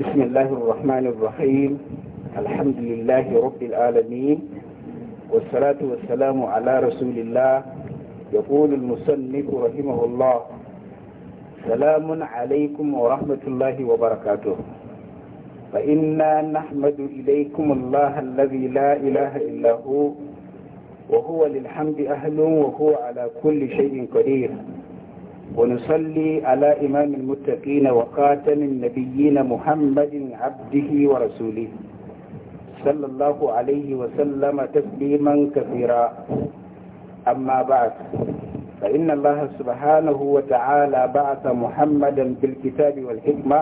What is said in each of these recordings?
بسم الله الرحمن الرحيم الحمد لله رب العالمين والصلاة والسلام على رسول الله يقول المصنف رحمه الله سلام عليكم ورحمة الله وبركاته فإنا نحمد إليكم الله الذي لا إله إلا هو وهو للحمد أهل وهو على كل شيء قدير ونصلي على إمام المتقين وخاتم النبيين محمد عبده ورسوله صلى الله عليه وسلم تسليما كثيرا أما بعد فإن الله سبحانه وتعالى بعث محمدا بالكتاب والحكمة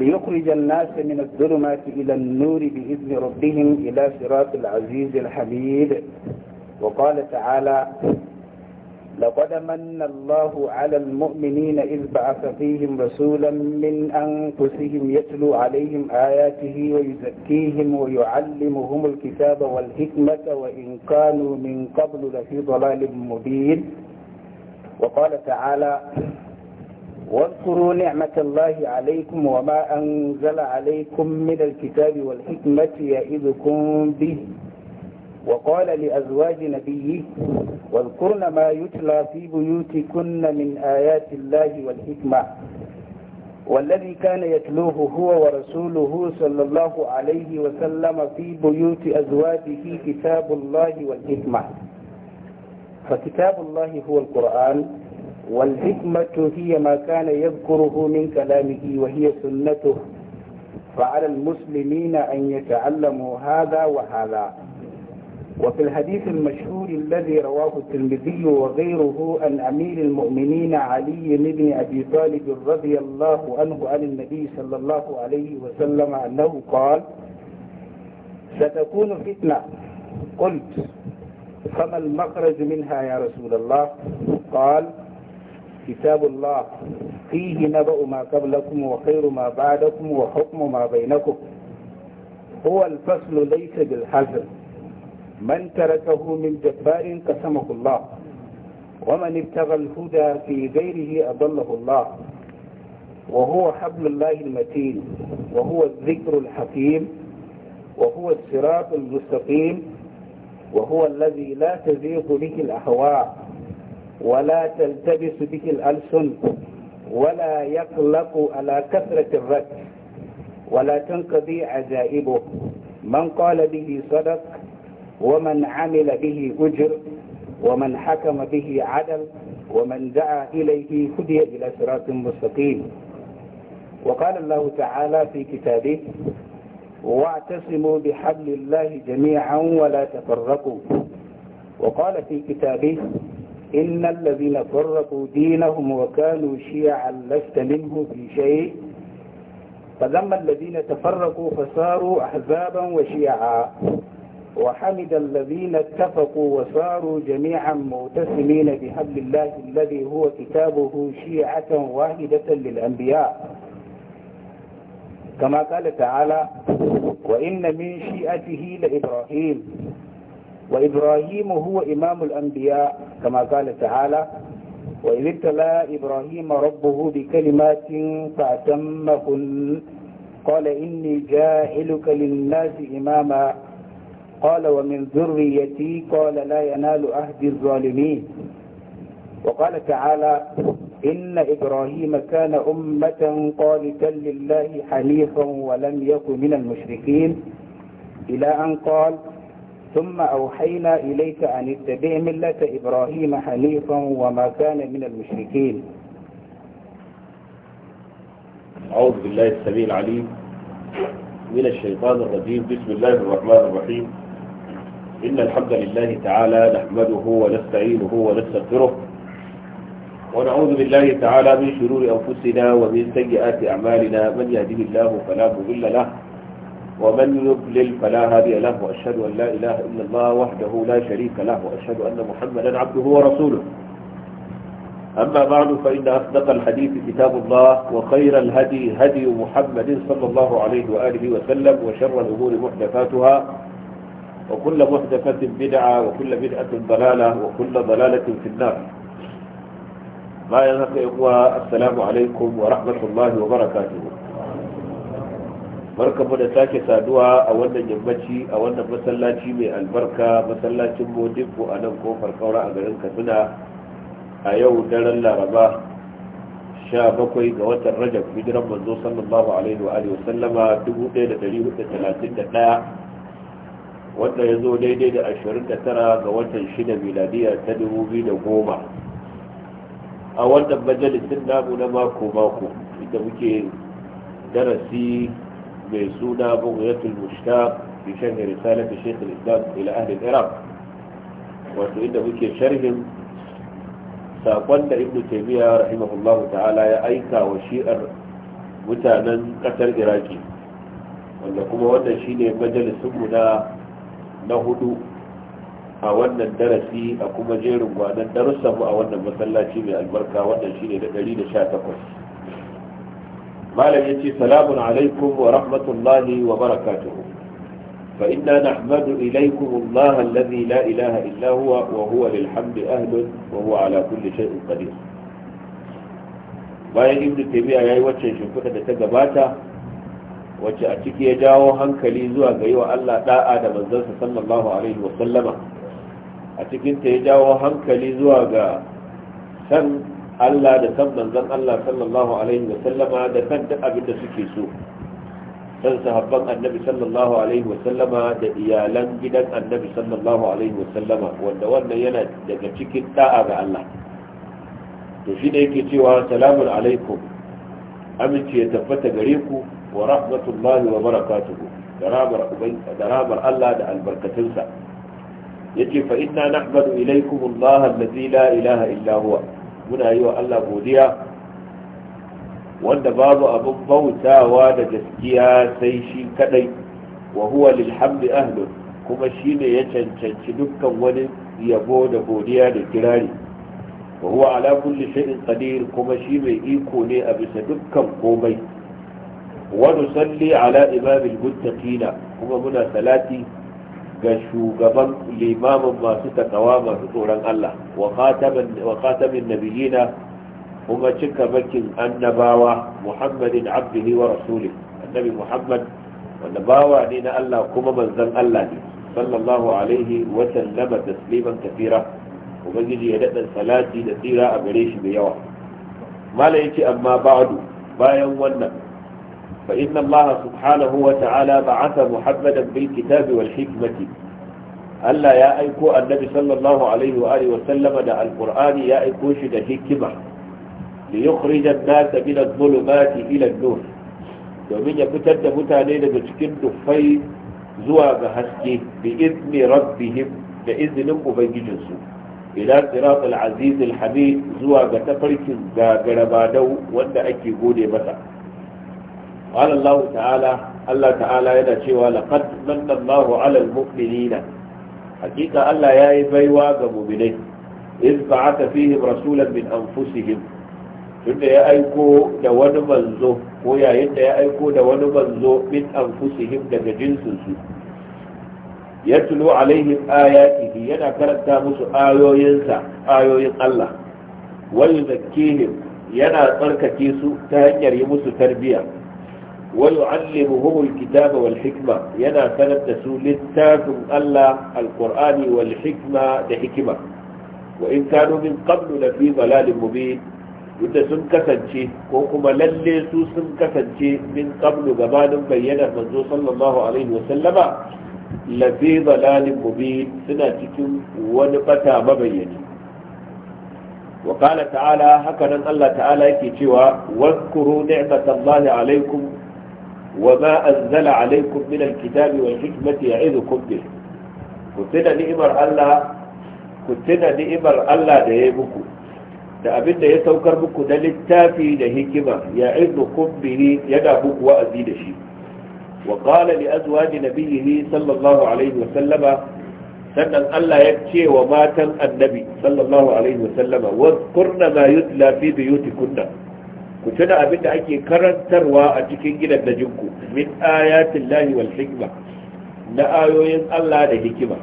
ليخرج الناس من الظلمات إلى النور بإذن ربهم إلى صراط العزيز الحميد وقال تعالى لقد من الله على المؤمنين إذ بعث فيهم رسولا من أنفسهم يتلو عليهم آياته ويزكيهم ويعلمهم الكتاب والحكمة وإن كانوا من قبل لفي ضلال مبين وقال تعالى واذكروا نعمة الله عليكم وما أنزل عليكم من الكتاب والحكمة يئذكم به وقال لأزواج نبيه واذكرن ما يتلى في بيوتكن من آيات الله والحكمة والذي كان يتلوه هو ورسوله صلى الله عليه وسلم في بيوت أزواجه كتاب الله والحكمة فكتاب الله هو القرآن والحكمة هي ما كان يذكره من كلامه وهي سنته فعلى المسلمين أن يتعلموا هذا وهذا وفي الحديث المشهور الذي رواه الترمذي وغيره عن أمير المؤمنين علي بن أبي طالب رضي الله عنه عن النبي صلى الله عليه وسلم أنه قال ستكون فتنة قلت فما المخرج منها يا رسول الله قال كتاب الله فيه نبأ ما قبلكم وخير ما بعدكم وحكم ما بينكم هو الفصل ليس بالحزن من تركه من جبار قسمه الله ومن ابتغى الهدى في غيره أضله الله وهو حبل الله المتين وهو الذكر الحكيم وهو الصراط المستقيم وهو الذي لا تزيغ به الأهواء ولا تلتبس به الألسن ولا يقلق على كثرة الرد ولا تنقضي عجائبه من قال به صدق ومن عمل به أجر ومن حكم به عدل ومن دعا إليه هدي إلى صراط مستقيم وقال الله تعالى في كتابه واعتصموا بحبل الله جميعا ولا تفرقوا وقال في كتابه إن الذين فرقوا دينهم وكانوا شيعا لست منه في شيء فلما الذين تفرقوا فصاروا أحزابا وشيعا وحمد الذين اتفقوا وساروا جميعا متسمين بحبل الله الذي هو كتابه شيعة واحدة للأنبياء كما قال تعالى وإن من شيئته لإبراهيم وإبراهيم هو إمام الأنبياء كما قال تعالى وإذ ابتلى إبراهيم ربه بكلمات فأتمهن قال إني جاهلك للناس إماما قال ومن ذريتي قال لا ينال عهد الظالمين وقال تعالى إن إبراهيم كان أمة قالتا لله حنيفا ولم يكن من المشركين إلى أن قال ثم أوحينا إليك أن اتبع ملة إبراهيم حنيفا وما كان من المشركين أعوذ بالله السميع العليم من الشيطان الرجيم بسم الله الرحمن الرحيم إن الحمد لله تعالى نحمده ونستعينه ونستغفره ونعوذ بالله تعالى من شرور أنفسنا ومن سيئات أعمالنا من يهده الله فلا مضل له ومن يضلل فلا هادي له وأشهد أن لا إله إلا الله وحده لا شريك له وأشهد أن محمدا عبده ورسوله أما بعد فإن أصدق الحديث كتاب الله وخير الهدي هدي محمد صلى الله عليه وآله وسلم وشر الأمور محدثاتها وكل محدثة بدعة وكل بدعة ضلالة وكل ضلالة في النار ما ينهق إخوة السلام عليكم ورحمة الله وبركاته barkamu da sake saduwa a wannan yammaci a wannan masallaci mai albarka masallacin modibbo a nan kofar kaura a garin katsina a yau daren laraba 17 ga watan rajab hijiran manzo sallallahu alaihi wa alihi wa sallama 1431 wanda ya zo daidai da 29 ga watan 6 miladiya ta 2010 a wannan majalisun namu na mako-mako inda muke darasi mai suna bugayatul mushtaq fi sharhi risalat shaykh al-islam ila ahli al-iraq wato inda muke sharhin sakon da ibnu taimiyya rahimahullahu ta'ala ya aika wa shi'ar mutanen kasar iraki wanda kuma wannan shine majalisin mu na na hudu a wannan darasi a kuma jerin gwanon darussanmu a wannan masallaci mai albarka wannan shi ne da 118 malam ya ce salamun alaikum wa rahmatullahi wa barakatuhu فإنا نحمد إليكم الله الذي لا إله إلا هو وهو للحمد أهل وهو على كل شيء قدير bayan ibn tabi'a yayi waccan shimfiɗa da ta gabata wacce a ciki ya jawo hankali zuwa ga yi wa Allah da'a da manzansa sallallahu alaihi wa sallama a cikinta ya jawo hankali zuwa ga san Allah da san manzan Allah sallallahu alaihi wa sallama da san duk abin da suke so san sahabban annabi sallallahu alaihi wa sallama da iyalan gidan annabi sallallahu alaihi wa sallama wanda wannan yana daga cikin da'a ga Allah to shi ne yake cewa salamun alaikum amince ya tabbata gare ku wa rahmatullahi wa barakatuhu garabar Allah da albarkatunsa yace fa inna nahmadu ilaykum Allah allazi la ilaha illa muna yi wa Allah godiya wanda babu abin bautawa da gaskiya sai shi kadai wa huwa lilhamdi ahlun kuma shine ya cancanci dukkan wani yabo da godiya da kirari wa huwa ala kulli shay'in qadir kuma shi mai iko ne a bisa dukkan komai wa salli ala imamil muttaqina kuma muna salati ga shugaban limamin masu takawa masu tsoron Allah wa khatamin nabiyina kuma cika bakin annabawa muhammadin abdihi wa rasulih muhammad wanda bawa ne na Allah kuma manzon Allah ne sallallahu alaihi wa sallama tasliman kafira ubangiji ya daɗa salati da tsira a gare shi da yawa mala yace amma ba'du bayan wannan فإن الله سبحانه وتعالى بعث محمدا بالكتاب والحكمة ألا يا أيكو النبي صلى الله عليه وآله وسلم دع القرآن يا أيكو شد حكمة ليخرج الناس من الظلمات إلى النور domin ya fitar da mutane daga cikin dufai zuwa ga haske bi izni rabbihim da izinin ubangijinsu ila siratul aziz hamid zuwa ga tafarkin gagarabadau wanda ake gode قال الله تعالى yana cewa laqad manna Allahu 'ala al-mu'minina hakika Allah ya yi baiwa ga mu'minai iz ba'atha fihim rasulan min anfusihim tunda ya aiko da wani manzo ko yayin da ya aiko da wani manzo min anfusihim daga jinsin su yatlu alaihim ayatihi yana karanta musu ayoyinsa ayoyin Allah wa yuzakkihim yana tsarkake su ta hanyar yi musu tarbiyya ويعلمهم الكتاب والحكمة ينا كانت تسول التاكم الله القرآن والحكمة لحكمة وإن كانوا من قبل لفي ضلال مبين يتسن كسنشي وكما لليسو سن كسنشي من قبل قبان بينا منذ صلى الله عليه وسلم لفي ضلال مبين سناتكم ونبتا مبين وقال تعالى هكذا الله تعالى كي واذكروا نعمة الله عليكم وما أنزل عليكم من الكتاب والحكمة يعظكم به كنتنا نئمر الله كنتنا نئمر الله ديبكم da abin da ya saukar muku na littafi da hikima ya izu kumbiri yana muku wa'azi da shi wa qala li azwaji nabiyhi sallallahu wa sallama sannan Allah ya ce wa matan annabi sallallahu alaihi wa sallama ku tuna abin da ake karantarwa a cikin gidan da jinku min ayatin lahi wal hikma na ayoyin Allah da hikima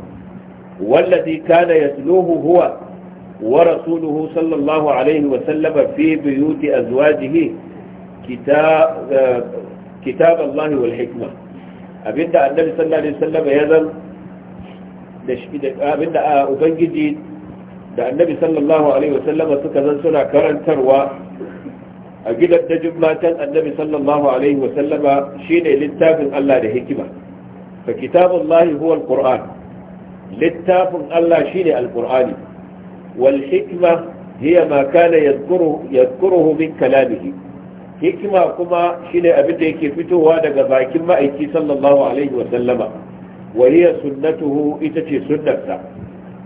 wallazi kana yasluhu huwa wa rasuluhu sallallahu alaihi wa sallama fi buyuti azwajihi eh, kitab Allah wal hikma abinda annabi sallallahu alaihi wasallam ya zan da shi da abinda ah, ubangiji da annabi sallallahu alaihi wa wasallam suka zan suna karantarwa a gidan dajin matan annabi sallallahu alaihi wa littafin Allah da hikima fa kitabullahi huwa alquran littafin Allah shine alqurani wal hikma hiya ma kana yadhkuru min kalamihi hikima kuma ne abin da yake fitowa daga bakin ma'aiki sallallahu alaihi wa wa hiya sunnatuhu ita ce sunnarsa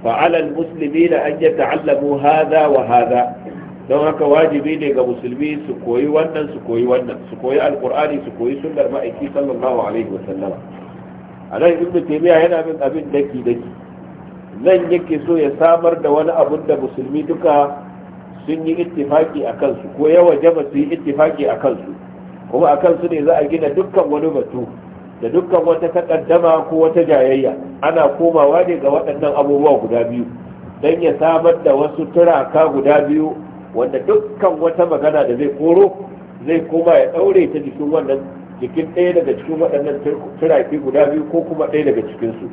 fa ala almuslimina an yata'allamu hadha wa hadha don haka wajibi ne ga musulmi su koyi wannan su koyi wannan su koyi alkur'ani su koyi sunnar ma'aiki sallallahu alaihi wa sallam a nan ibnu taymiya yana bin abin daki daki nan yake so ya samar da wani abun da musulmi duka sun yi ittifaki a kansu ko yawa jama su yi ittifaki a kansu kuma a kansu ne za a gina dukkan wani batu da dukkan wata takaddama ko wata jayayya ana komawa ne ga waɗannan abubuwa guda biyu don ya samar da wasu turaka guda biyu wanda dukkan wata magana da zai koro zai koma ya daure ta jikin wannan jikin ɗaya daga cikin waɗannan turaki guda biyu ko kuma ɗaya daga cikinsu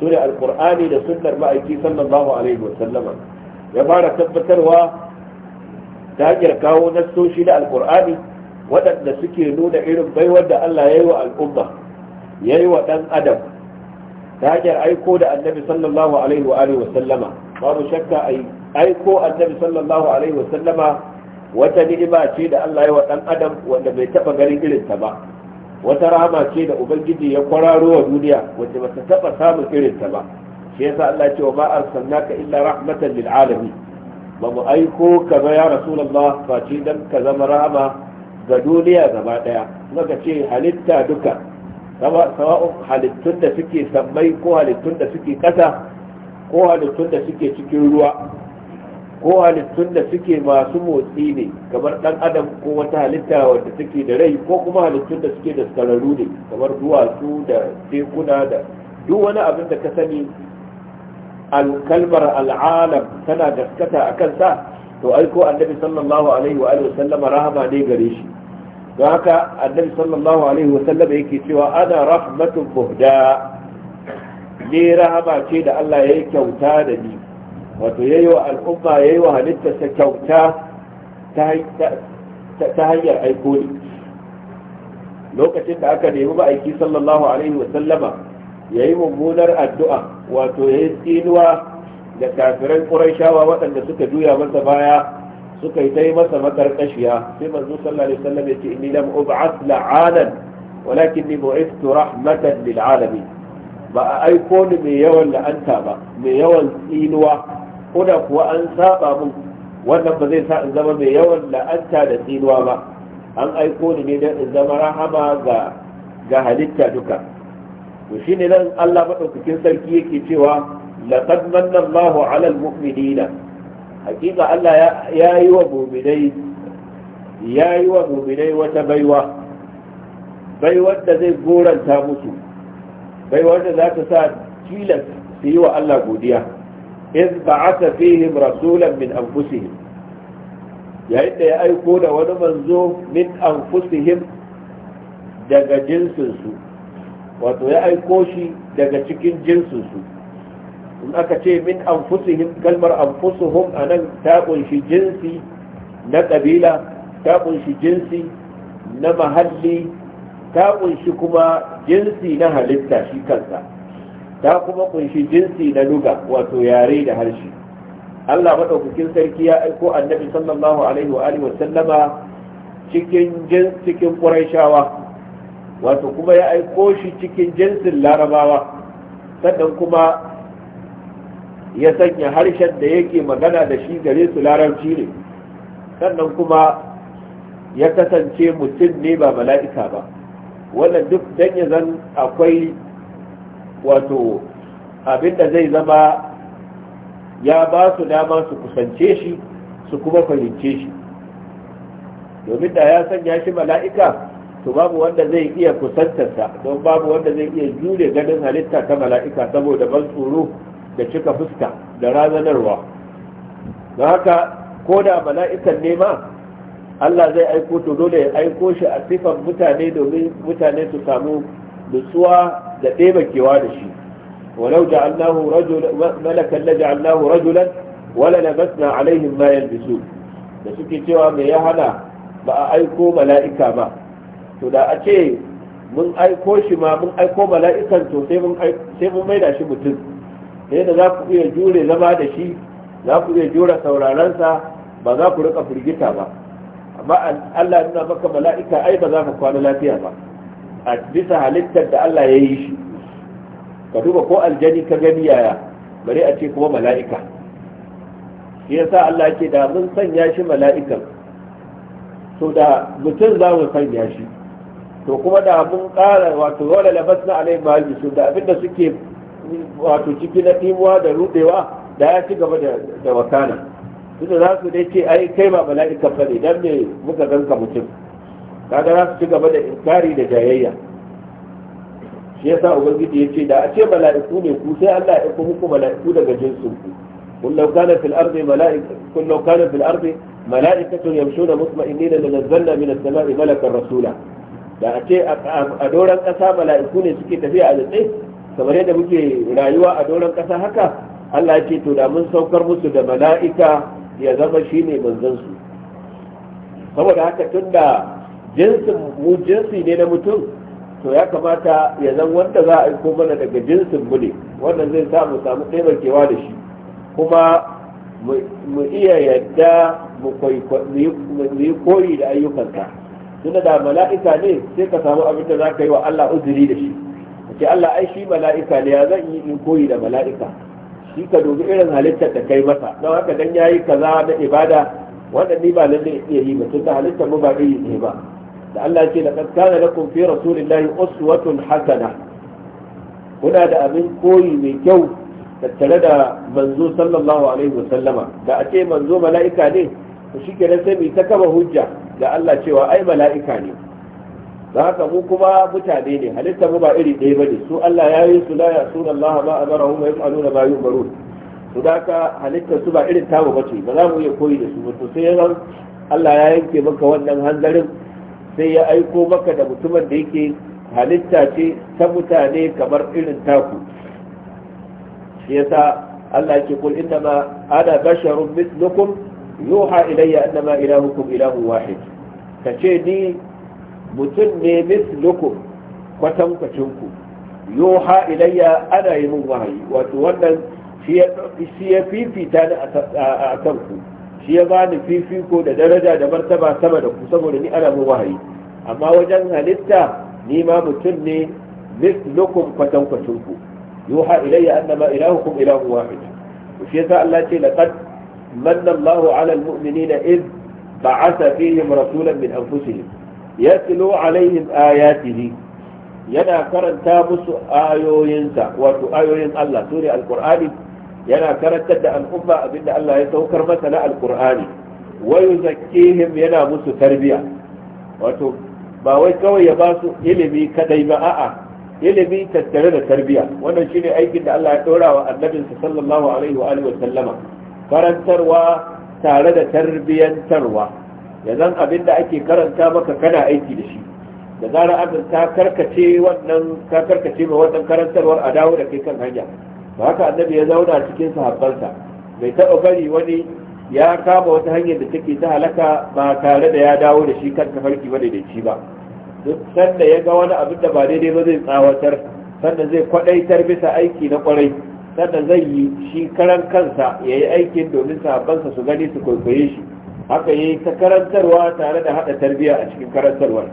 su ne alkur'ani da sunnar ma'aiki sallallahu alaihi wa sallama ya fara tabbatarwa ta hanyar kawo nassoshi na alkur'ani waɗanda suke nuna irin baiwar da Allah ya yi wa al'umma ya yi wa ɗan adam ta hanyar aiko da annabi sallallahu alaihi wa wa sallama babu shakka a aiko annabi sallallahu alaihi wasallama wata ni'ima ce da Allah ya wa dan adam wanda bai taba ganin irin ta ba wata rahama ce da ubangiji ya kwararo wa duniya wanda ba ta taba samun irin ta ba shi yasa Allah ya ce wa ma arsalnaka illa rahmatan lil alamin ba mu aiko ka ba ya rasulullah face dan ka zama rahama ga duniya gaba daya muka ce halitta duka sawa'un halittun da suke sammai ko halittun da suke kasa ko halittun da suke cikin ruwa ko halittun da suke masu motsi ne kamar dan adam ko wata halitta wadda suke da rai ko kuma halittun da suke da sararu ne kamar duwatsu da tekuna da duk wani abin da ka sani alkalmar al'alam tana gaskata a kansa to aiko annabi sallallahu alaihi wa alihi sallama rahama ne gare shi don haka annabi sallallahu alaihi wa sallama yake cewa ana rahmatun buhda ne rahama ce da Allah ya yi kyauta da ni wato yayi wa al'umma yayi wa ta kyauta ta hanyar aiko ne lokacin da aka nemi ma'aiki sallallahu alaihi wa sallama yayi mummunar addu'a wato yayi tsinuwa da kafirai qurayshawa waɗanda suka juya masa baya suka yi ta yi masa makarkashiya sai manzo sallallahu alaihi wasallam ya ce inni lam ub'ath la'anan walakinni bu'ithtu rahmatan lil alamin ba a aiko ni mai yawan la'anta ba mai yawan tsinuwa ko da kuwa an saba mun wannan ba zai sa in zama mai yawan la'anta da tsinuwa ba an aiko ni ne don in zama rahama ga ga halitta duka to shine nan Allah madaukakin sarki yake cewa laqad manna Allahu 'ala al-mu'minina hakika Allah ya yi wa mu'minai ya yi wa mu'minai wata baiwa baiwar da zai goranta musu baiwar da za ta sa tilas su yi wa Allah godiya iz ba'atha fihim rasulan min anfusihim yayin da ya aiko da wani manzo min anfusihim daga jinsinsu wato ya aiko shi daga cikin jinsinsu in aka ce min anfusihim kalmar a nan ta kunshi jinsi na ƙabila ta kunshi jinsi na mahalli ta kunshi kuma jinsi na halitta shi kansa ta kuma kunshi jinsi na luga wato yare da harshe Allah maɗaukakin sarki ya aiko annabi sallallahu alaihi wa alihi sallama cikin jinsi cikin quraishawa wato kuma ya aiko shi cikin jinsin larabawa sannan kuma ya sanya harshen da yake magana da shi gare su larabci ne sannan kuma ya kasance mutum ne ba mala'ika ba wannan duk dan ya akwai wato abinda zai zama ya ba su dama su kusance shi su kuma fahimce shi domin da ya sanya shi mala'ika to babu wanda zai iya kusantarsa don babu wanda zai iya jure ganin halitta ta mala'ika saboda ban tsoro da cika fuska da razanarwa don haka ko da mala'ikan nema Allah zai aiko to dole ya aiko shi a sifan mutane domin mutane su samu nutsuwa da taimakewa da shi walau ja'alnahu rajulan malakan la ja'alnahu rajulan wala labasna alaihim ma yalbisu da suke cewa me ya hana ba a aiko mala'ika ba to da a ce mun aiko shi ma mun aiko mala'ikan to sai mun maida shi mutum sai da za ku iya jure zama da shi za ku iya jure saurarensa ba za ku rika firgita ba amma Allah nuna maka mala'ika ai ba za ka kwana lafiya ba a bisa halittar da Allah ya yi shi ka duba ko aljani ka gani yaya bari a ce kuma mala'ika shi yasa Allah ke da mun sanya shi mala'ikan to da mutum za mu sanya shi to kuma da mun ƙara wato wala labas na alai mahalli su da abinda suke wato ciki na ɗimuwa da rudewa da ya ci gaba da wakana da za su dai ce ai kai ba mala'ikan ba ne dan me muka ganka mutum kaga za su ci gaba da inkari da jayayya shi yasa ubangiji yace da a ce mala'iku ne ku sai Allah ya kuma ku mala'iku daga jinsin ku kun law kana fil ardi mala'ika kun law kana fil ardi mala'ikatu yamshuna mutma'innina lanazzalna min as-sama'i malakan rasula da a ce a doran kasa mala'iku ne suke tafiya a tsaye kamar yadda muke rayuwa a doran kasa haka Allah ya ce to da mun saukar musu da mala'ika ya zama shine manzon su saboda haka tunda jinsin mu jinsi ne na mutum to ya kamata ya zan wanda za a aiko mana daga jinsin mu ne wannan zai sa mu samu taimakewa da shi kuma mu iya yadda mu yi koyi da ayyukanka tunda da mala'ika ne sai ka samu abin da za ka yi wa Allah uzuri da shi ke Allah ai shi mala'ika ne ya zan yi in koyi da mala'ika shi ka dubi irin halittar da kai masa don haka dan yayi kaza na ibada wanda ni ba lalle ya yi ba tunda halittar mu ba iri ne ba da Allah ce laqad kana lakum fi rasulillahi uswatun hasana kuna da abin koyi mai kyau tattare da manzo sallallahu alaihi wasallama da a ce manzo mala'ika ne to shikenan sai mu ta kama hujja Da Allah cewa ai mala'ika ne Za ka mu kuma mutane ne halitta mu ba iri ɗaya bane su Allah ya yi su la ya su Allah ma amarahu ma yaf'aluna ma da halitta su ba irin tamu bace ba za mu iya koyi da su ba to sai Allah ya yanke maka wannan hanzarin sai ya aiko maka da mutumin da yake halitta ce ta mutane kamar irin taku shi yasa Allah ke kul inna ma ana basharun mislukum yuha ilayya annama ilahukum ilahu wahid kace ni mutum ne mislukum kwatan kwacinku yuha ilayya ana yi min wahayi wato wannan shi ya fifita ni a kanku shi ya ni fifiko da daraja da martaba sama da ku saboda ni ana mun wahayi amma wajen halitta ni ma mutum ne mislukum kwatankwacin ku yuha ilayya annama ilahukum ilahun wahid shi yasa Allah ce laqad manna Allahu ala almu'minina id ba'atha fihim rasulan min anfusihim yatlu alaihim ayatihi yana karanta musu ayoyinsa wato ayoyin Allah sura alqur'ani yana karantar da al'umma abinda Allah ya saukar masa na alkur'ani wa yuzakkihim yana musu tarbiya wato ba wai kawai ya ba su ilimi kadai ba a'a ilimi tattare da tarbiya wannan shine aikin da Allah ya dora wa annabinsa sallallahu alaihi wa alihi wa sallama karantarwa tare da tarbiyantarwa ya zan abin da ake karanta maka kana aiki da shi da zarar abin ta karkace wannan karkace ma wannan karantarwar a dawo da kai kan hanya ba haka annabi ya zauna cikin sahabbansa bai taɓa bari wani ya kama wata hanyar da take ta halaka ba tare da ya dawo da shi kan tafarki ba ci ba duk sanda ya ga wani abin da ba daidai ba zai tsawatar sannan zai kwadaitar bisa aiki na kwarai sannan zai yi shi karan kansa ya yi aikin domin sahabbansa su gani su kwaikwaye shi haka ya yi ta karantarwa tare da haɗa tarbiyya a cikin karantarwar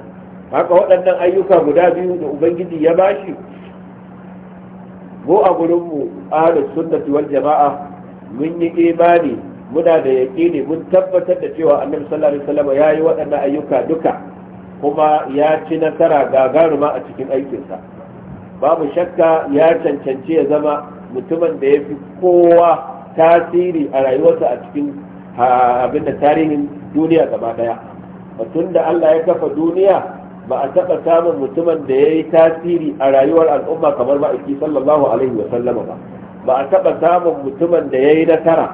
haka waɗannan ayyuka guda biyu da ubangiji ya bashi mu a gurinmu ahlus sunnati wal jama'a mun yi imani muna da yaqini mun tabbatar da cewa annabi sallallahu alaihi wasallam ya yi waɗannan ayyuka duka kuma ya ci nasara gagaruma a cikin aikinsa babu shakka ya cancanci ya zama mutumin da ya fi kowa tasiri a rayuwarsa a cikin abin da tarihin duniya gaba daya tunda Allah ya kafa duniya ba a taɓa samun mutumin da ya yi tasiri a rayuwar al'umma kamar ma'aiki sallallahu alaihi wa sallama ba ba a taɓa samun mutumin da ya yi nasara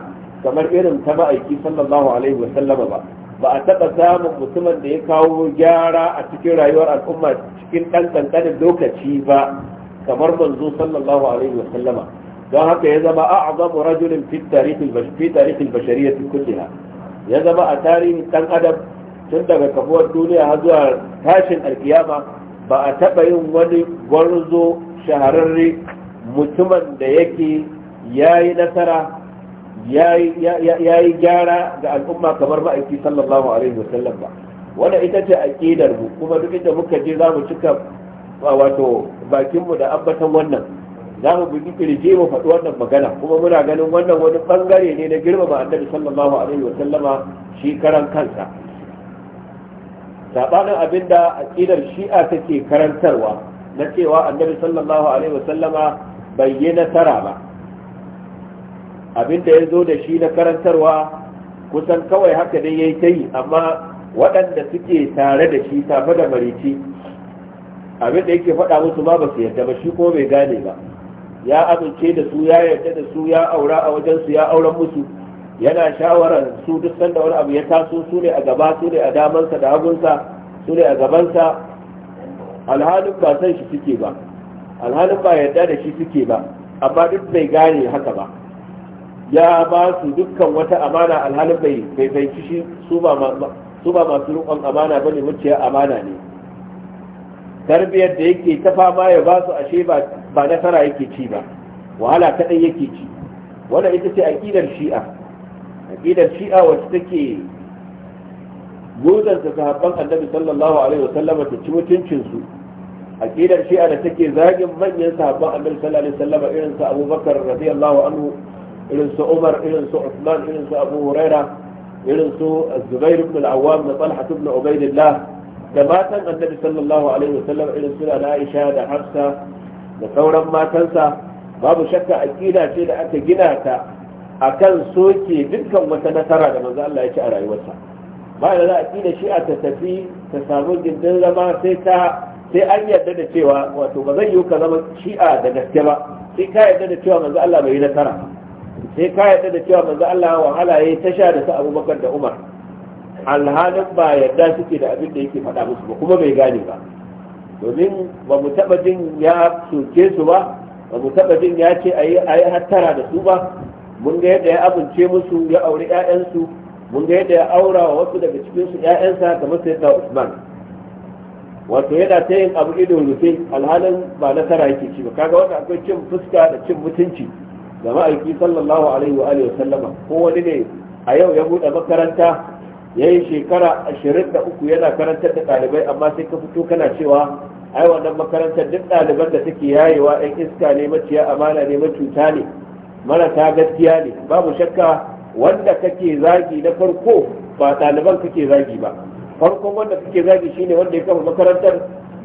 kamar irin ta ma'aiki sallallahu alaihi wa sallama ba ba a taɓa samun mutumin da ya kawo gyara a cikin rayuwar al'umma cikin ɗan ƙanƙanin lokaci ba kamar manzo sallallahu alaihi wa sallama don haka ya zama a'zamu rajulin fi tarihi fi tarihi bashariyati kulliha ya zama a tarihin ɗan adam tun daga kafuwar duniya har zuwa tashin alkiyama ba a taɓa yin wani gwarzo shahararre mutumin da yake ya yi nasara ya yi gyara ga al'umma kamar ma'aiki sallallahu alaihi wasallam ba wannan ita ce aƙidar mu kuma duk inda muka je za mu cika wato bakinmu da ambatan wannan za mu bi kirje mu faɗi wannan magana kuma muna ganin wannan wani bangare ne na girmama annabi sallallahu alaihi wasallama shi karan kansa sabanin abinda aqidar shi'a take karantarwa na cewa annabi sallallahu alaihi wasallama bai yi nasara ba abinda ya zo da shi na karantarwa kusan kawai haka dai yayi ta yi amma waɗanda suke tare da shi tafa da marici da yake faɗa musu ma ba su yarda ba shi ko bai gane ba ya amince da su ya yarda da su ya aura a wajen su ya auren musu yana shawarar su duk sanda wani abu ya taso su ne a gaba su ne a damansa da hagunsa su ne a gabansa alhalin ba san shi suke ba alhalin ba yadda da shi suke ba amma duk bai gane haka ba ya ba su dukkan wata amana alhalin bai bai fahimci shi su ba masu rukon amana ba ne muciya amana ne tarbiyar da yake ta fama ya ba su ashe ba nasara yake ci ba wahala kaɗai yake ci wannan ita ce aƙidar shi'a aqidar shi'a wacce take gudanta sahabban annabi sallallahu alaihi ta ci mutuncinsu. su shi'a da take zagin manyan sahabban annabi sallallahu alaihi wasallama irin su abubakar radiyallahu anhu irin su umar irin su usman irin su abu huraira irin su zubair ibn al-awwam da talha ibn ubaidillah da matan annabi sallallahu alaihi irin su da aisha da hafsa da sauran matansa babu shakka aqida ce da aka gina ta akan soke dukkan wata nasara da manzo Allah ya ci a rayuwarsa ba da za a ƙi da a ta tafi ta samu gindin zama sai ta sai an yarda da cewa wato ba zai yi ka zama shi'a da gaske ba sai ka yarda da cewa manzo Allah bai yi nasara sai ka yarda da cewa manzo Allah wahala yayi tasha da su Abubakar da Umar alhalin ba yarda suke da abin da yake faɗa musu ba kuma bai gane ba domin ba mu taɓa jin ya soke su ba ba mu taɓa jin ya ce a yi hattara da su ba mun ga yadda ya amince musu ya auri ƴaƴansu mun ga yadda ya aura wa wasu daga cikin su ƴaƴansa kamar ta Usman wato yana ta yin abu idon rufe alhalin ba nasara yake ci ba kaga wanda akwai cin fuska da cin mutunci ga ma'aiki sallallahu alaihi wa alihi sallama ko wani ne a yau ya bude makaranta ya shekara ashirin da uku yana karantar da ɗalibai amma sai ka fito kana cewa ai wannan makarantar duk ɗaliban da take yayewa 'yan iska ne maciya amana ne macuta ne marasa gaskiya ne babu shakka wanda kake zagi na farko ba ɗaliban kake zagi ba farkon wanda kake zagi shine wanda ya kafa makarantar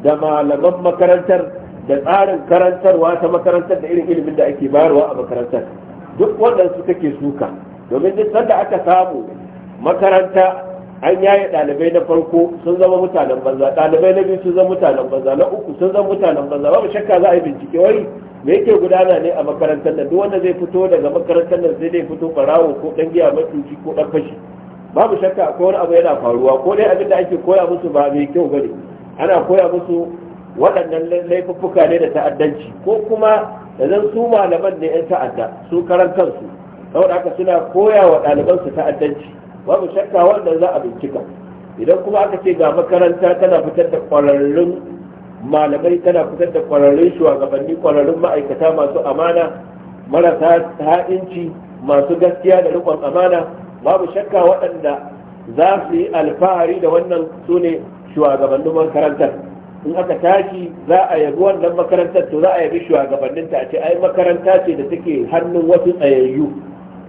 da malaman makarantar da tsarin karantarwa ta makarantar da irin ilimin da ake bayarwa a makarantar duk wannan su kake suka domin duk sanda aka samu makaranta an yaye ɗalibai na farko sun zama mutanen banza ɗalibai na biyu sun zama mutanen banza na uku sun zama mutanen banza babu shakka za a yi bincike wai me yake gudana ne a makarantar nan duk wanda zai fito daga makarantar nan sai dai fito barawo ko dan giya ko dan fashi babu shakka akwai wani abu yana faruwa ko dai abin da ake koya musu ba mai kyau bane ana koya musu waɗannan laifuffuka ne da ta'addanci ko kuma da zan su malaman ne 'yan ta'adda su karan kansu saboda haka suna koya wa su ta'addanci babu shakka wanda za a bincika idan kuma aka ce ga makaranta tana fitar da ƙwararrun malamai tana fitar da kwararrun shugabanni kwararrun ma'aikata masu amana marasa ta'inci masu gaskiya da rikon amana babu shakka waɗanda za su yi alfahari da wannan su ne shugabannin makarantar in aka tashi za a yabi wannan makarantar to za a yabi shugabanninta a ce ai makaranta ce da take hannun wasu tsayayyu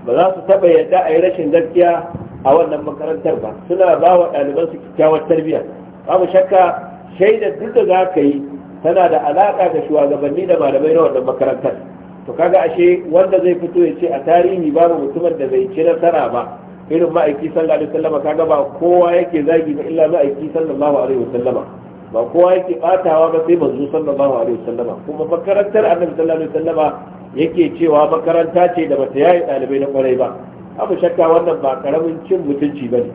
ba za su taɓa yadda a yi rashin gaskiya a wannan makarantar ba suna ba wa ɗaliban su kyakkyawar tarbiyya babu shakka shaidar duk da za ka yi tana da alaƙa da shugabanni da malamai na wannan makarantar to kaga ashe wanda zai fito ya ce a tarihi babu mutumin da bai ci nasara ba irin ma'aiki sallallahu alaihi wasallama kaga ba kowa yake zagi ba illa ma'aiki sallallahu alaihi wasallama ba kowa yake batawa ba sai manzo sallallahu alaihi wasallama kuma makarantar annabi sallallahu alaihi wasallama yake cewa makaranta ce da bata yayi dalibai na kwarai ba abu shakka wannan ba karamin cin mutunci bane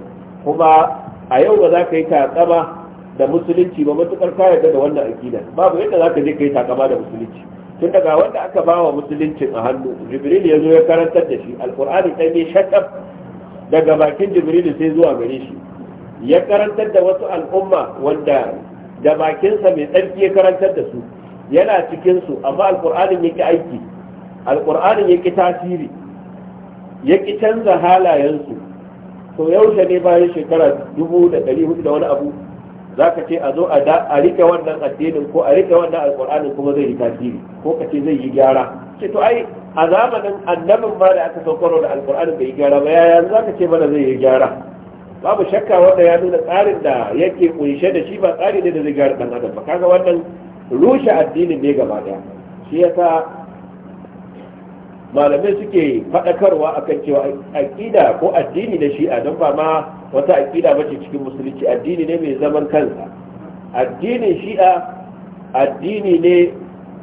kuma a yau ba za ka yi tatsama da musulunci ba matukar ka yarda da wannan aqidar babu yadda zaka je kai takama da musulunci tun daga wanda aka wa musuluncin a hannu jibril ya zo ya karantar da shi alqur'ani sai ne shakab daga bakin jibril sai zuwa gare shi ya karantar da wasu al'umma wanda da bakinsa mai tsarki ya karantar da su yana su amma alqur'ani yake aiki alqur'ani yake tasiri yake canza halayensu to yaushe ne bayan shekara dubu da da wani abu za ka ce a zo a rike wannan addinin ko a rike wannan alkur'anin kuma zai yi tasiri ko ka ce zai yi gyara ce to ai a zamanin annabin ba da aka saukaro da alkur'anin bai yi gyara ba yaya za ka ce mana zai yi gyara babu shakka wanda ya nuna tsarin da yake kunshe da shi ba tsari ne da zai gyara dan adam ba kaga wannan rushe addinin ne gaba daya shi yasa malamai suke faɗakarwa a akan cewa aƙida ko addini da shi'a don ba ma wata aƙida bace cikin musulunci addini ne mai zaman kansa addinin shi'a addini ne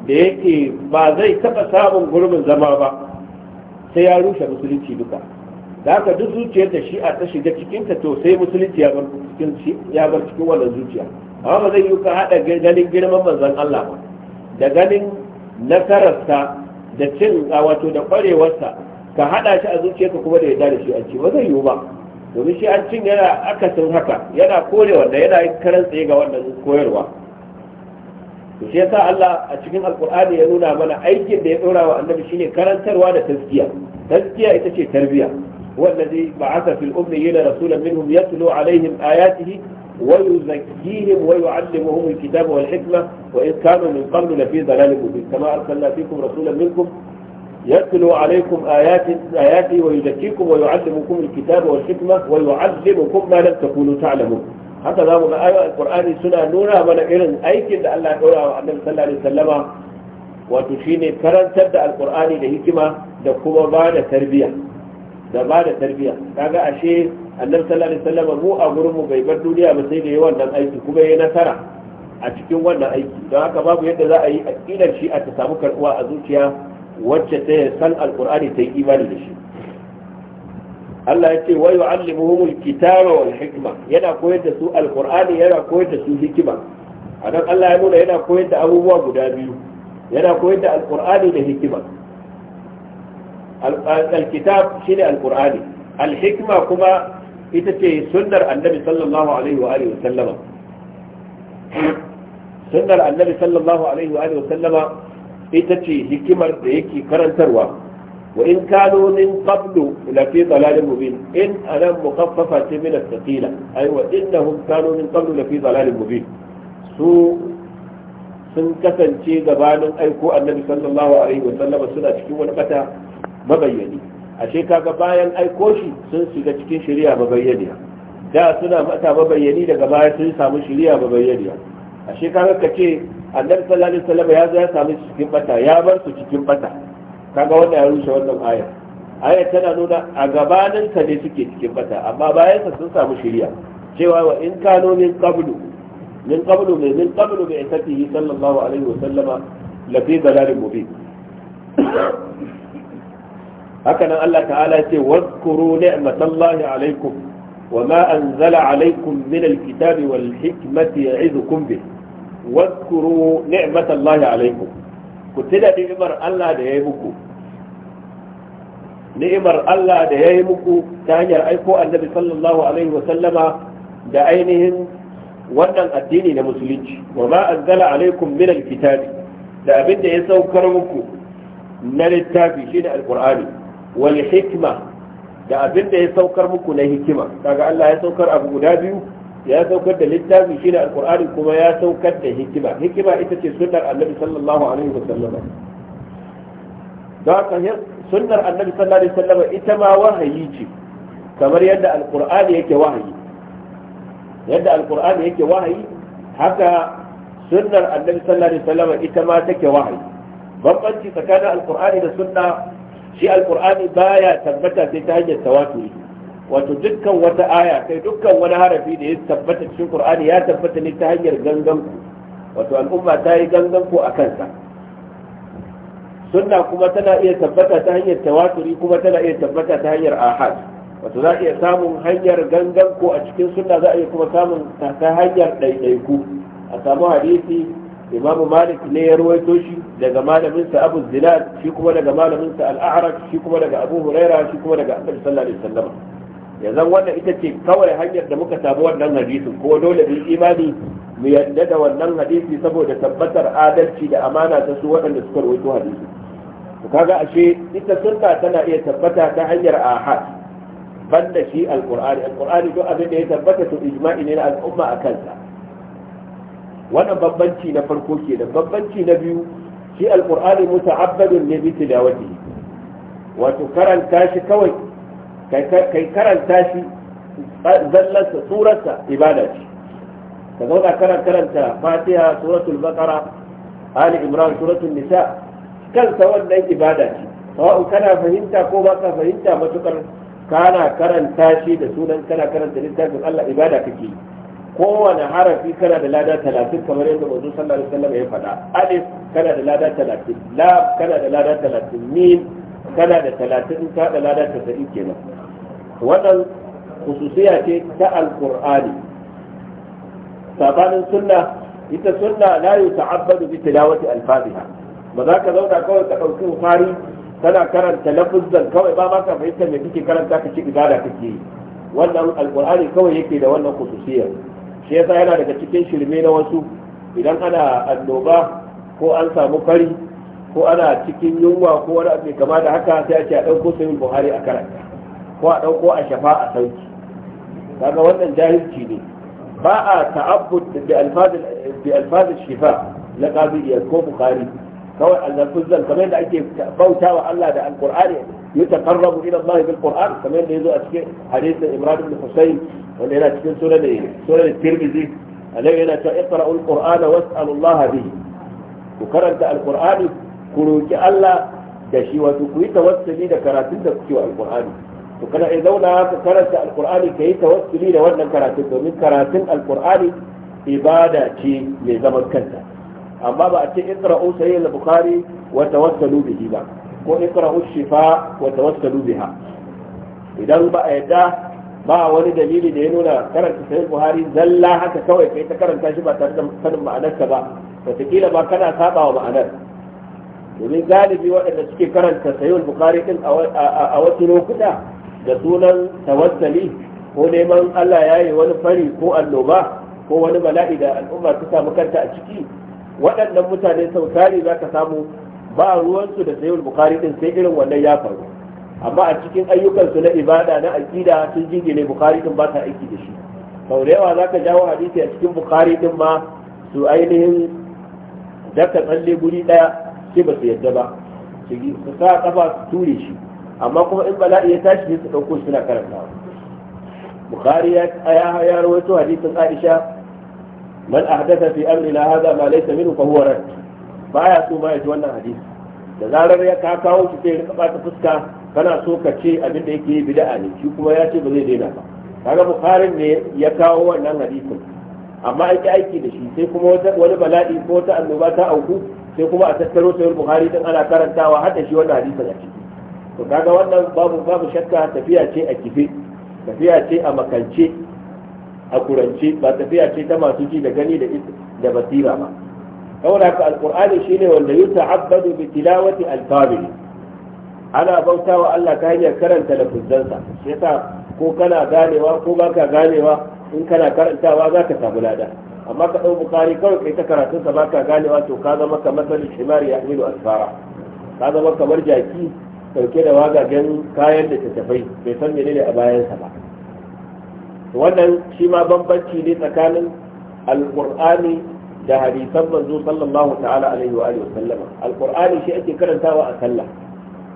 da yake ba zai taɓa samun gurbin zama ba sai ya rushe musulunci duka da haka duk zuciyar da shi'a ta shiga cikin ta to sai musulunci ya bar cikin wannan zuciya amma ba zai yi ka hada ganin girman manzon Allah ba da ganin nasararsa da cin wato da kwarewarsa ka hada shi a zuciyarka kuma da yarda da shi a ci ba zai yiwu ba domin shi an cin yana akasin haka yana korewa da yana karan tsaye ga wannan koyarwa to shi yasa Allah a cikin alqur'ani ya nuna mana aikin da ya dora wa annabi shine karantarwa da tazkiya tazkiya ita ce tarbiya wallazi ba'atha fil ummiyina rasulan minhum yatlu alaihim ayatihi wa yuzakkihim wa yu'allimuhum alkitaba wal hikma wa in kanu min qablu lafi dhalalin mubin kama arsalna fikum rasulan minkum يتلو عليكم آياتي, آياتي ويزكيكم ويعلمكم الكتاب والحكمة ويعلمكم ما لم تكونوا تعلمون haka za mu ga ayoyin alkur'ani suna nuna mana irin aikin da Allah ya ɗora wa annabi sallallahu alaihi wasallama wato shine karantar da alkur'ani da hikima da kuma ba da tarbiyya da ba da tarbiyya kaga ashe annabi sallallahu alaihi wasallama mu a gurin mu bai bar duniya ba sai da yi wannan aiki kuma yayi nasara a cikin wannan aiki don haka babu yadda za a yi aqidar shi a ta samu karbuwa a zuciya wacce ta san alkur'ani ta yi imani da shi Allah ya ce wa yu'allimuhumul kitaba wal hikma yana koyar da su alqur'ani yana koyar da su hikima anan Allah ya nuna yana koyar da abubuwa guda biyu yana koyar da alqur'ani da hikima alkitab shine alqur'ani alhikma kuma ita ce sunnar annabi sallallahu alaihi wa alihi wasallama sunnar annabi sallallahu alaihi wa alihi wasallama ita ce hikimar da yake karantarwa وإن كانوا من قبل لفي ضلال مبين إن أنا مخففة من الثقيلة أي أيوة وإنهم كانوا من قبل لفي ضلال مبين سوء sun kasance gabanin aiko annabi sallallahu alaihi wa sallam suna cikin wani bata mabayyani ashe kaga bayan aiko shi sun shiga cikin shari'a mabayyaniya da suna mata mabayyani daga baya sun samu shari'a mabayyaniya ashe kaga kace annabi sallallahu alaihi wa sallam ya zo ya samu cikin bata ya bar su cikin bata kaga wanda ya rushe wannan aya. Aya tana nuna a gabanin ka ne suke cikin bata amma bayan ka sun samu shiriya cewa wa in kano min qablu min qablu min min qablu bi isatihi sallallahu alaihi wa sallama la fi dalalin mubin Hakanan Allah ta'ala ce wazkuru ni'matallahi alaikum وما أنزل عليكم من الكتاب والحكمة يعظكم به واذكروا نعمة الله عليكم كنت تدعي عمر الله ده يبكو ni'imar Allah da ya yi muku ta hanyar aiko annabi sallallahu alaihi wa sallama da ainihin wannan addini na musulunci wa ma anzala alaikum min alkitabi da abin da ya saukar muku na littafi shine alqur'ani wal hikma da abin da ya saukar muku na hikima kaga Allah ya saukar abu guda biyu ya saukar da littafi shine alqur'ani kuma ya saukar da hikima hikima ita ce sunnar annabi sallallahu alaihi wa sallama da haka sunnar annabi sallallahu alaihi wasallam ita ma wahayi ce kamar yadda alqur'ani yake wahayi yadda alqur'ani yake wahayi haka sunnar annabi sallallahu alaihi wasallam ita ma take wahayi bambanci tsakanin alqur'ani da sunna shi alqur'ani baya tabbata sai ta hanyar tawaturi wato dukkan wata aya sai dukkan wani harafi da ya tabbata cikin qur'ani ya tabbata ne ta hanyar gangan wato al'umma ta yi gangan ko a kansa sunna kuma tana iya tabbata ta hanyar tawaturi kuma tana iya tabbata ta hanyar ahad wato za a iya samun hanyar gangan ko a cikin sunna za a iya kuma samun ta hanyar ɗaiɗaiku a samu hadisi imamu malik ne ya ruwaito shi daga malaminsa abu zinad shi kuma daga malaminsa al'arak shi kuma daga abu huraira shi kuma daga sallallahu alaihi wasallam ya wannan ita ce kawai hanyar da muka samu wannan hadisin ko dole mu imani mu yadda da wannan hadisi saboda tabbatar adalci da amana ta su waɗanda suka rawaito hadisi to kaga ashe ita sunna tana iya tabbata ta hanyar ahad banda shi alqur'ani alqur'ani duk abin da ya tabbata to ijma'i ne na al'umma a kansa wannan bambanci na farko ke da bambanci na biyu shi alqur'ani muta'abbadun ne bi tilawatihi wato karanta shi kawai kai karanta shi zallarsa surarsa ibada ce ka zauna kana karanta fatiha suratul baqara ali imran suratul nisa kansa wannan ibada ce sawa'un kana fahimta ko ba ka fahimta matukar kana karanta shi da sunan kana karanta littafin Allah ibada kake kowane harafi kana da lada talatin kamar yadda mazu sallallahu alaihi wasallam ya faɗa alif kana da lada talatin lam kana da lada talatin mim tana da talatin ka da lada tasa'in kenan wannan hususiya ce ta alkur'ani sabanin sunna ita sunna la yuta'abbadu bi tilawati alfaziha ba za ka zauna kawai ka ɗauki bukhari kana karanta lafuzzan kawai ba ma ka fahimta me kake karanta ka ci ibada kake yi wannan alkur'ani kawai yake da wannan khususiyya shi yasa yana daga cikin shirme na wasu idan ana annoba ko an samu fari ko ana cikin yunwa ko wani abu kama da haka sai a ce a ɗauko sayin buhari a karanta ko a ɗauko a shafa a sauki kaga wannan jahilci ne ba a ta'abbud bi alfazil bi alfazil shifa na qabiliyya ko bukhari kawai al-lafuz zan kamar da ake bautawa Allah da alqur'ani yataqarrabu ila Allah bil qur'an kamar da yazo a cikin da Ibrahim ibn Husayn wanda yana cikin sunan sunan Tirmidhi alai yana ta iqra'u al-qur'ana was'alu Allah bihi ku karanta al-qur'ani ku roki Allah da shi wato ku yi tawassuli da karatun da kuke alqur'ani to kana ai zauna ka karanta alqur'ani kai tawassuli da wannan karatun domin karatun alqur'ani ibada ce mai zaman kanta amma ba a ce iqra'u sahih al-bukhari wa tawassalu bihi ba ko iqra'u shifa wa tawassalu biha idan ba a yadda ba wani dalili da ya nuna karanta sahih buhari zalla haka kawai kai ta karanta shi ba tare da sanin ma'anarsa ba wataƙila ba kana saba wa ma'anar domin galibi waɗanda suke karanta sayon bukari ɗin a wasu lokuta da sunan tawassali ko neman allah ya yi wani fari ko annoba ko wani bala'i da al'umma ta samu kanta a ciki waɗannan mutane sau tari za ka samu ba ruwansu da sayon bukari ɗin sai irin wannan ya faru amma a cikin ayyukansu na ibada na aƙida sun jingine bukari ɗin ba ta aiki da shi sau da yawa za ka jawo hadisi a cikin bukari ɗin ma su ainihin daka tsalle guri ɗaya sai ba su yadda ba su sa kafa su ture shi amma kuma in bala'i ya tashi sai su ɗauko shi suna karanta bukhari ya ya rawaito hadisin aisha man ahdatha fi amrina hadha ma laysa minhu fa huwa rad baya so ma ya ji wannan hadisi da zarar ya ka kawo shi sai ka ɓata fuska kana so ka ce abin da yake bid'a ne shi kuma ya ce ba zai daina ba kaga bukari ne ya kawo wannan hadisin amma ake aiki da shi sai kuma wani bala'i ko ta annoba ta auku sai kuma a tattaro sayar buhari don ana karantawa har da shi wannan hadisin a ciki to kaga wannan babu babu shakka tafiya ce a kife tafiya ce a makance a kurance ba tafiya ce ta masu ji da gani da da basira ba saboda haka alqur'ani shine wanda yuta'abbadu bi tilawati alfabil ana bautawa Allah ta hanyar karanta lafuzzansa shi yasa ko kana ganewa ko baka ganewa in kana karantawa zaka samu lada amma ka ɗau bukari kawai kai ta karatun sa baka ganewa to ka zama kamar sanin shimari ya hamilu asfara ka zama kamar jaki dauke da wagagen kayan da tattafai bai san menene a bayansa ba wannan shi ma bambanci ne tsakanin alƙur'ani da hadisan manzo sallallahu ta'ala alaihi wa alihi sallama alƙur'ani shi ake karantawa a sallah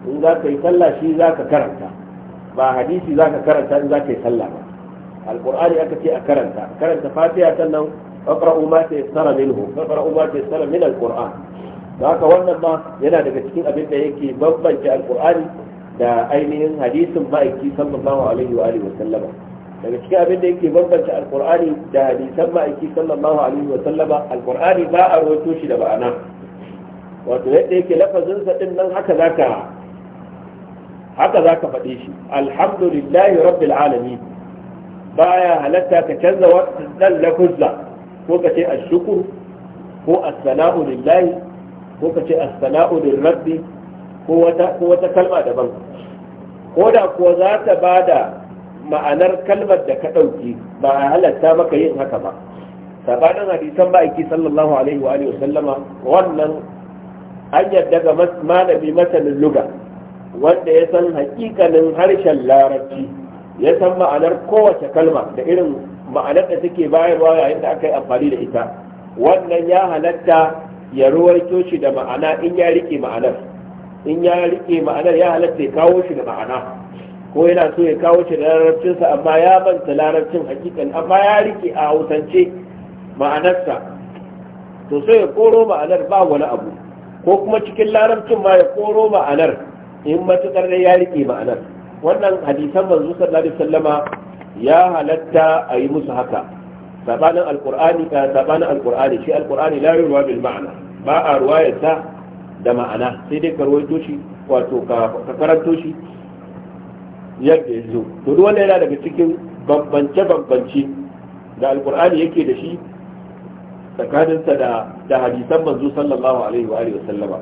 in za ka yi sallah shi za ka karanta ba hadisi za ka karanta in za ka yi sallah ba alƙur'ani aka ce a karanta karanta fatiha sannan faqra'u ma tayassara minhu faqra'u ma tayassara min al-qur'an haka wannan ma yana daga cikin abin da yake bambance alkur'ani da ainihin hadisin ma'aiki sallallahu alaihi wa alihi daga cikin abin da yake bambance alkur'ani da hadisan ma'aiki sallallahu alaihi wa sallama alkur'ani ba a rawaito shi da ba'ana wato yadda yake lafazin sa din nan haka zaka faɗi zaka faɗe shi alhamdulillahi rabbil baya halatta ka canza na lafuzza ko ka ce ashukur ko assala'u lillahi ko ka ce assala'u lirabbi ko wata ko wata kalma daban ko da kuwa za ta ba da ma'anar kalmar da ka ɗauki ba a halatta maka yin haka ba sabanin hadisan ba'iki sallallahu alaihi wa alihi sallama wannan hanyar daga malami masanin luga wanda ya san hakikanin harshen larabci ya san ma'anar kowace kalma da irin ma'anar da take bayarwa yayin da aka yi amfani da ita wannan ya halatta ya ruwar shi da ma'ana in ya rike ma'anar in ya rike ma'anar ya halatta ya kawo shi da ma'ana ko yana so ya kawo shi da larabcinsa amma ya manta larabcin hakikan amma ya rike a hausance ma'anarsa to sai ya koro ma'anar ba wani abu ko kuma cikin larabcin ma ya koro ma'anar in matuƙar da ya rike ma'anar wannan hadisan manzo sallallahu alaihi wasallama ya halatta a yi musu haka sabanin alkur'ani ka eh, sabanin alkur'ani shi alkur'ani la ruwa bil ma'ana ba a ruwayarsa da ma'ana sai dai ka ruwaito shi wato ka karanto shi yadda ya zo to duk wanda yana daga cikin bambance bambance da alkur'ani yake da shi tsakaninsa da da hadisan manzo sallallahu alaihi wa alihi wa sallama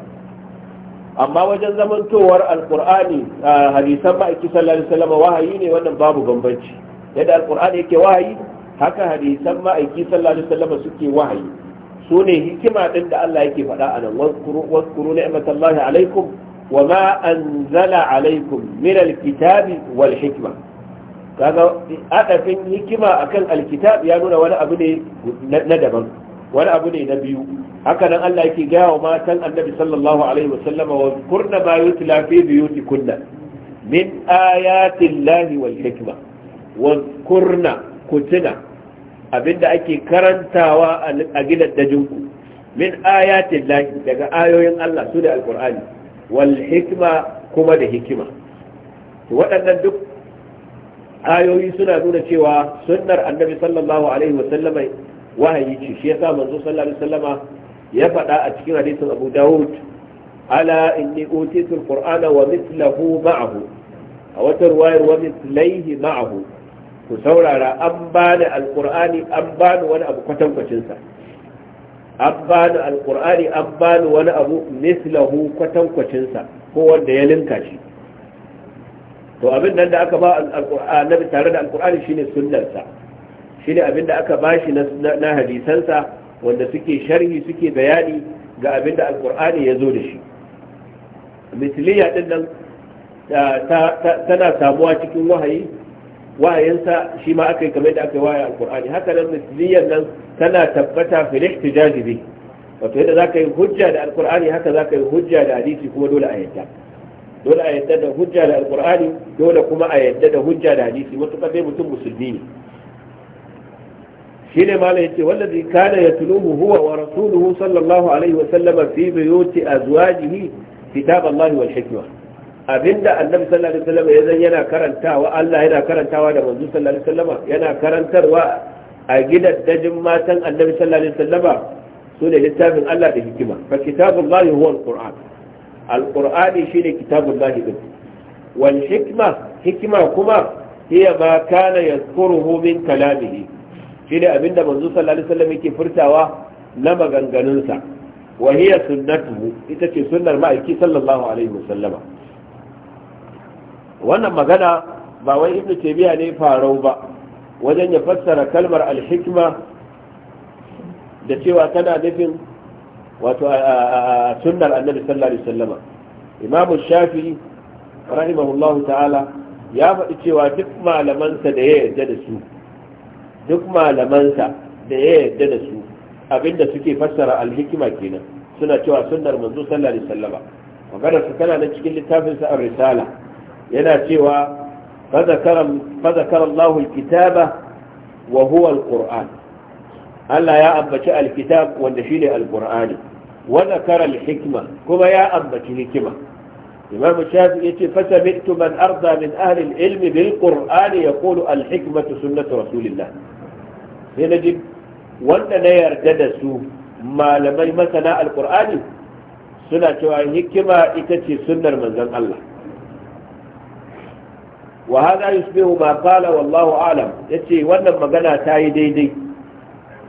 amma wajen zamantowar alkur'ani eh, hadisan ma'aiki sallallahu alaihi wa sallama wahayi ne wannan babu bambanci yadda alqur'ani yake wahayi haka hadisan ma'aiki sallallahu alaihi wasallam suke wahayi su ne hikima din da Allah yake faɗa a nan waskuru ni'matallahi alaikum wa ma anzala alaikum min alkitabi wal hikma kaga adafin hikima akan alkitab ya nuna wani abu ne na daban wani abu ne na biyu haka nan Allah yake gaya wa matan annabi sallallahu alaihi wasallama wa kurna ma yutla fi biyutikunna min ayati llahi wal hikma wankurna ku tuna abinda ake karantawa a gidan dajinku min ayatin lahi daga ayoyin Allah su da alkur'ani wal hikima kuma da hikima waɗannan duk ayoyi suna nuna cewa sunnar annabi sallallahu alaihi wasallama wahayi ce shi yasa manzo sallallahu alaihi wasallama ya faɗa a cikin hadisin abu dawud ala inni utitu alqur'ana wa mithlahu ma'ahu a wata ruwayar wa mithlaihi ma'ahu ku saurara an bani alqur'ani an bani wani abu kwatankwacinsa. sa an bani alqur'ani an bani wani abu mislahu kwatankwacin sa ko wanda ya linka shi to abin nan da aka ba annabi tare da alqur'ani shine sunnarsa shine abin da aka ba shi na hadisansa wanda suke sharhi suke bayani ga abin da alqur'ani ya zo da shi misliya din nan tana samuwa cikin wahayi wahayinsa shi ma aka yi kamar da aka yi wahayin alkur'ani haka nan misliyan nan tana tabbata fil ihtijaji bi wato yadda zaka yi hujja da alkur'ani haka zaka yi hujja da hadisi kuma dole a yadda dole a yadda da hujja da alkur'ani dole kuma a yadda da hujja da hadisi mutukar dai mutum musulmi ne shine malam yace wallazi kana yatluhu huwa wa rasuluhu sallallahu alaihi wa sallama fi buyuti azwajihi kitab Allah wal hikma abinda annabi sallallahu alaihi wasallam ya zan yana karantawa Allah yana karantawa da manzo sallallahu alaihi wasallam yana karantarwa a gidan dajin matan annabi sallallahu alaihi wasallam su ne littafin Allah da hikima fa kitabullahi huwa alquran alqurani shine kitabullahi din wal hikma hikima kuma hiya ma kana yadhkuruhu min kalamihi shine abinda manzo sallallahu alaihi wasallam yake furtawa na maganganunsa wa hiya sunnatuhu ita ce sunnar ma'aiki sallallahu alaihi wasallama wannan magana ba wai ibnu taymiya ne farau ba wajen ya fassara kalmar al-hikma da cewa tana nufin wato sunnar annabi sallallahu alaihi wasallama imamu shafi'i rahimahullahu ta'ala ya faɗi cewa duk malamansa da ya yarda da su duk sa da ya da su abinda suke fassara alhikima kenan suna cewa sunnar manzo sallallahu alaihi wasallama magana su tana na cikin littafin sa ar-risala yana cewa fazakar Allahul kitaba wa huwa Allah ya ambaci alkitab wanda shine al-Qur'ani wa zakara kuma ya ambaci hikima Imam Shafi yace fa sami'tu man arda min ahli al-ilm bil Qur'an yaqulu al sunnatu rasulillah sai ji wanda na yarda da su malamai masana al suna cewa hikima ita ce sunnar manzon Allah wa hada yusbihu ma qala wallahu alam yace wannan magana ta yi daidai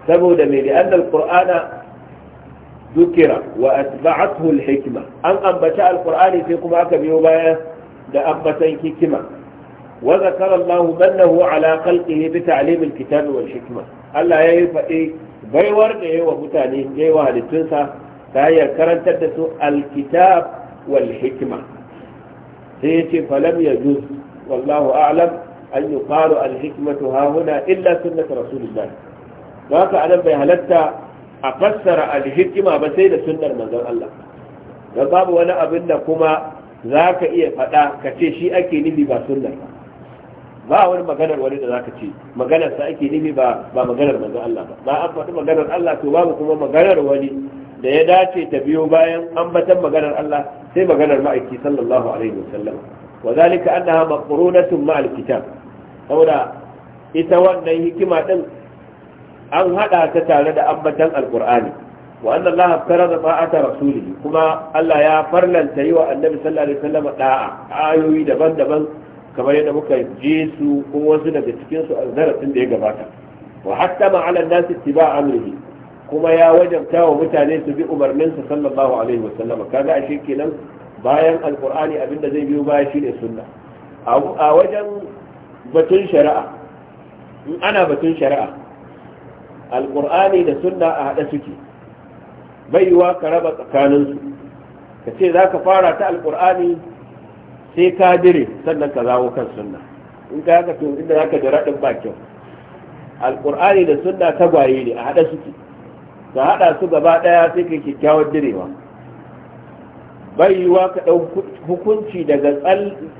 saboda mai da annal dukira wa atba'athu al-hikma an ambata al sai kuma aka biyo baya da ambatan hikima wa zakara Allah mannahu ala khalqihi bi ta'lim al-kitab wal hikma Allah yayi fadi baiwar da yayi wa mutane yayi wa halittunsa ta hanyar karantar da su al-kitab wal hikma sai yace falam yajuz wallahu a'lam an yuqalu al-hikmatu illa sunnat rasulillah haka anan bai halarta a fassara al ba sai da sunnar manzon Allah dan babu wani abin da kuma zaka iya faɗa ka ce shi ake nufi ba sunnar ba wani maganar wani da zaka ce maganar ake nufi ba ba maganar Allah ba ba an faɗi maganar Allah to babu kuma maganar wani da ya dace ta biyo bayan ambatan maganar Allah sai maganar ma'aiki sallallahu alaihi wasallam wa zalika annaha maqrunatun ma'al kitab saboda ita wannan hikima din an hada ta tare da ambatan alqur'ani wa anna allaha farada ta'ata rasulih kuma Allah ya farlanta yi wa annabi sallallahu alaihi wasallam da'a ayoyi daban-daban kamar yadda muka je su kuma wasu daga cikin su azaratin da ya gabata wa hatta ma ala nasi ittiba amrihi kuma ya wajabta wa mutane su bi umarninsa sallallahu alaihi wasallam kaga ashe kenan bayan alkur'ani abinda zai biyo baya ne sunna a wajen batun shari'a in ana batun shari'a alkur'ani da sunna a haɗe suke baiwa ka raba tsakaninsu ka ce za ka fara ta alkur'ani sai ka dire sannan ka zawo kan sunna in ka haka tun inda za ka jira ɗin ba kyau alkur'ani da sunna tagwaye ne a haɗe suke ka haɗa su gaba ɗaya sai ka kyakkyawar direwa Baiwa yiwa ka ɗau hukunci daga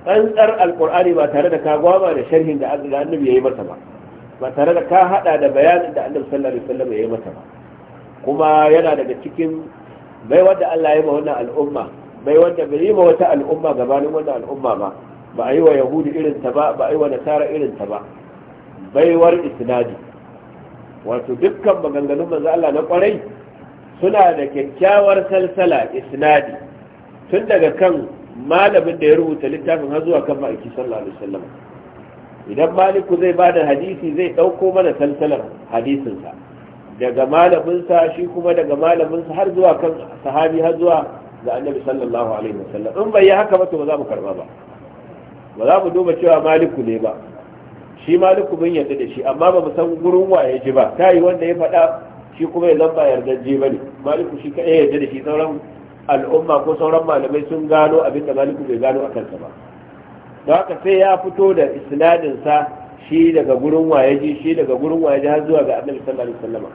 tsantsar alkur'ani ba tare da ka gwama da sharhin da annabi ya yi masa ba ba tare da ka haɗa da bayanin da annabi sallallahu alaihi wasallam ya yi masa ba kuma yana daga cikin bai wanda Allah ya ma wannan al'umma bai wanda bai yi ma wata al'umma gabanin wannan al'umma ba ba a yi wa yahudi irin ta ba ba a yi wa nasara irin ta ba baiwar isnadi wato dukkan maganganun manzo Allah na kwarai suna da kyakkyawar salsala isnadi tun daga kan malamin da ya rubuta littafin har zuwa kan ma'aiki sallallahu alaihi wasallam idan maliku zai ba da hadisi zai ɗauko mana salsalar hadisinsa daga malaminsa shi kuma daga malaminsa har zuwa kan sahabi har zuwa ga annabi sallallahu alaihi wasallam in bai yi haka ba to ba za mu karba ba ba za mu duba cewa maliku ne ba shi maliku mun yarda da shi amma ba mu san gurin wa ya ji ba ta yi wanda ya faɗa shi kuma ya zamba yardar je ba ne maliku shi kaɗai yarda da shi sauran al'umma ko sauran malamai sun gano abin da maliku bai gano a kansa ba da haka sai ya fito da isnadinsa shi daga gurin wayaji shi daga gurin wayaji har zuwa ga annabi sallallahu alaihi wasallam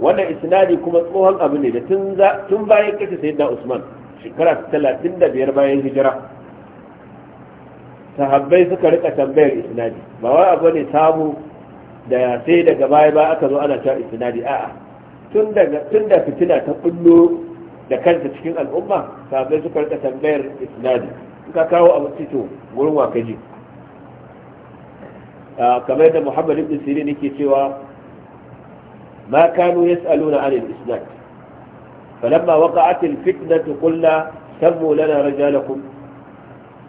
wannan isnadi kuma tsohon abu ne da tun tun bayan kace sayyidina Usman shekara 35 bayan hijira sahabbai suka rika tambayar isnadi ba wai abu ne samu da sai daga baya ba aka zo ana ta isnadi a'a tun daga tun da fitina ta kullo da kansa cikin al'umma sahabbai suka rika tambayar isnadi in ka kawo abu cito wurin wa kamar yadda muhammad ibn sirin yake cewa ma kanu yas'aluna an al-isnad falamma waqa'at al-fitnatu qulna sammu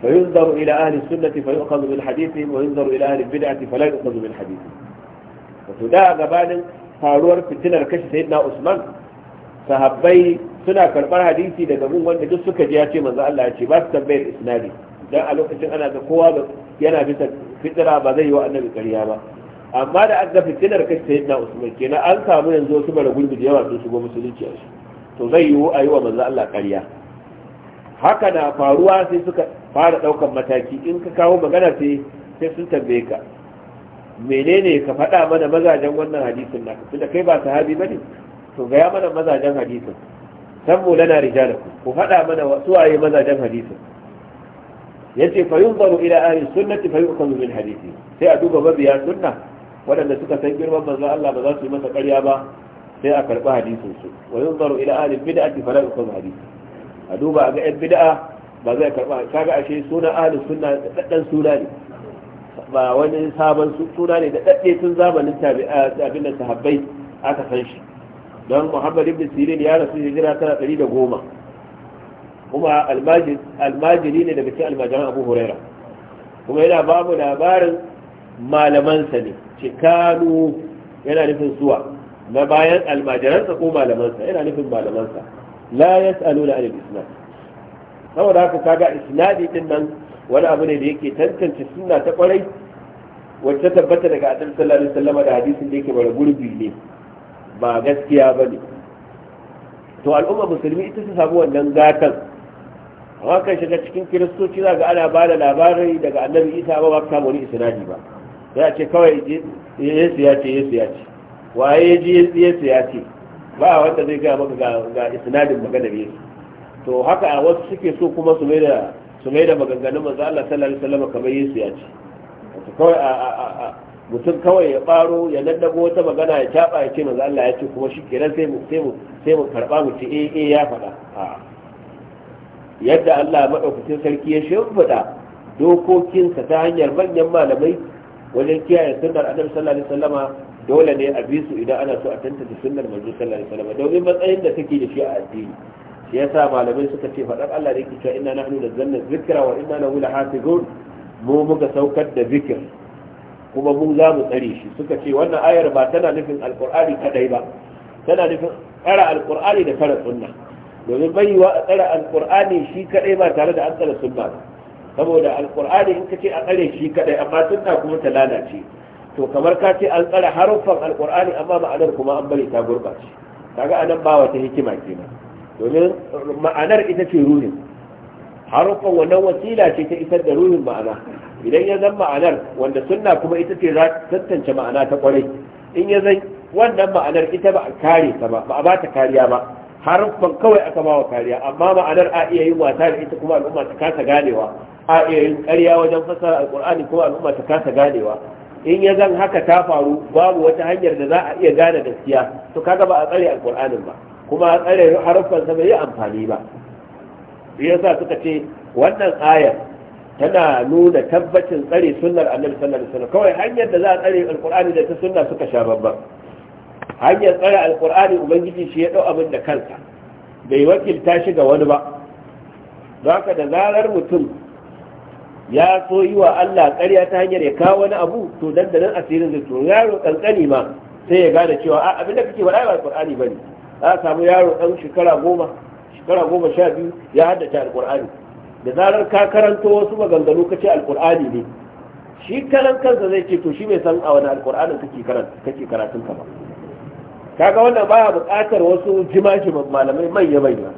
فينظر إلى أهل السنة فيؤخذ من وينظر إلى أهل البدعة فلا يؤخذ من حديثهم وتدعى قبالا faruwar fitinar kashe sayyidina Usman sahabbai suna karbar hadisi daga mun wanda duk suka ji ya ce manzo Allah ya ce ba su tambayar isnadi dan a lokacin ana da kowa da yana bisa fitira ba zai yi wa annabi ƙarya ba amma da an ga fitinar kai sai na usman kenan an samu yanzu wasu bara gurbi da yawa sun shigo musulunci a shi to zai yiwu a yi wa manzo Allah ƙarya haka na faruwa sai suka fara ɗaukar mataki in ka kawo magana sai sai sun tambaye ka menene ka faɗa mana mazajen wannan hadisin naka tunda kai ba sahabi bane to ga ya mana mazajen hadisin sammu lana rijalakum ku faɗa mana wasu waye mazajen hadisin yace fa yunzaru ila ahli sunnati fa yu'khadhu min hadisi sai a duba mabiya sunna waɗanda suka san girman manzo Allah ba za su yi masa ƙarya ba sai a karɓi hadisin su wa yunzaru ila ahli bid'ati fa la yu'khadhu hadisi a duba a ga yan bid'a ba zai karɓa kaga ashe suna ahli sunna daddan suna ne ba wani sabon suna ne da dadde tun zamanin tabi'a abin da sahabbai aka san shi don muhammad ibn sirin ya rasu hijira tana ɗari da goma kuma almajiri ne daga cikin almajiran abu huraira kuma yana babu labarin malamansa ne cikanu yana nufin suwa na bayan almajiransa ko malamansa yana nufin malamansa la yas'aluna anil islam saboda haka kaga isnadi din nan wani abu ne da yake tantance suna ta kwarai wacce tabbata daga annabi sallallahu alaihi wasallam da hadisin da yake bara gurbi ne ba gaskiya ba ne to al'umma musulmi ita su samu wannan gatan amma kan shiga cikin kiristoci za ga ana ba da labarai daga annabi isa ba ba samu wani isnadi ba za ce kawai yesu ya ce yesu ya ce waye ji yesu ya ce ba wanda zai gaya maka ga isnadin maganar yesu to haka a wasu suke so kuma su mai da su mai da maganganun manzo Allah sallallahu alaihi wasallam kamar yesu ya ce kawai a mutum kawai ya baro ya lallago wata magana ya taba ya ce maza Allah ya ce kuma shi kenan sai mu sai mu sai mu karba mu ce eh eh ya faɗa yadda Allah madaukakin sarki ya shimfida dokokinsa ta hanyar manyan malamai wajen kiyaye sunnar annabi sallallahu alaihi wasallama dole ne a bi su idan ana so a tantance sunnar manzo sallallahu alaihi wasallama domin matsayin da take da shi a addini shi yasa malamai suka ce faɗar Allah da yake cewa inna nahnu nazzalna dhikra wa inna lahu lahafizun mu muka saukar da zikir kuma mu za mu tsare shi suka ce wannan ayar ba tana nufin alkur'ani kadai ba tana nufin tsara alkur'ani da tsara sunna domin bai wa a tsara alkur'ani shi kadai ba tare da an tsara sunna saboda alkur'ani in ka ce a tsare shi kadai amma sunna kuma ta lalace to kamar ka ce an tsara haruffan alkur'ani amma ma'anar kuma an bari ta gurbace kaga anan ba wata hikima kenan domin ma'anar ita ce ruhin harufan wannan wasila ce ta isar da ruhin ma'ana idan ya zan ma'anar wanda sunna kuma ita ce za tantance ma'ana ta kwarai in ya zan wannan ma'anar ita ba a kare ta ba ba a ba ta kariya ba haruffan kawai aka ba wa kariya amma ma'anar a iya yin wasa da ita kuma al'umma ta kasa ganewa a iya yin ƙarya wajen fasara alƙur'ani kuma al'umma ta kasa ganewa in ya zan haka ta faru babu wata hanyar da za a iya gane gaskiya to kaga ba a tsare alƙur'anin ba kuma a tsare haruffan sa bai yi amfani ba shi yasa suka ce wannan ayar tana nuna tabbacin tsare sunnar annabi sallallahu alaihi wasallam kawai hanyar da za a tsare alqur'ani da ta sunna suka sha babban hanyar tsare alqur'ani ubangiji shi ya dau abin da kansa bai wakilta shi ga wani ba haka da zarar mutum ya so yi wa Allah ƙarya ta hanyar ya kawo wani abu to dan da nan asirin zai to yaro kankani ma sai ya gane cewa a abin da kake faɗa ba alqur'ani bane za a samu yaro dan shekara goma shekara goma sha biyu ya haddace alkur'ani da zarar ka karanto wasu maganganu ka kace alkur'ani ne shi karan kansa zai ce to shi bai san a wani alkur'anin kake karanta kake karatun ka ba kaga wannan baya buƙatar wasu jima-jiman malamai manya-manya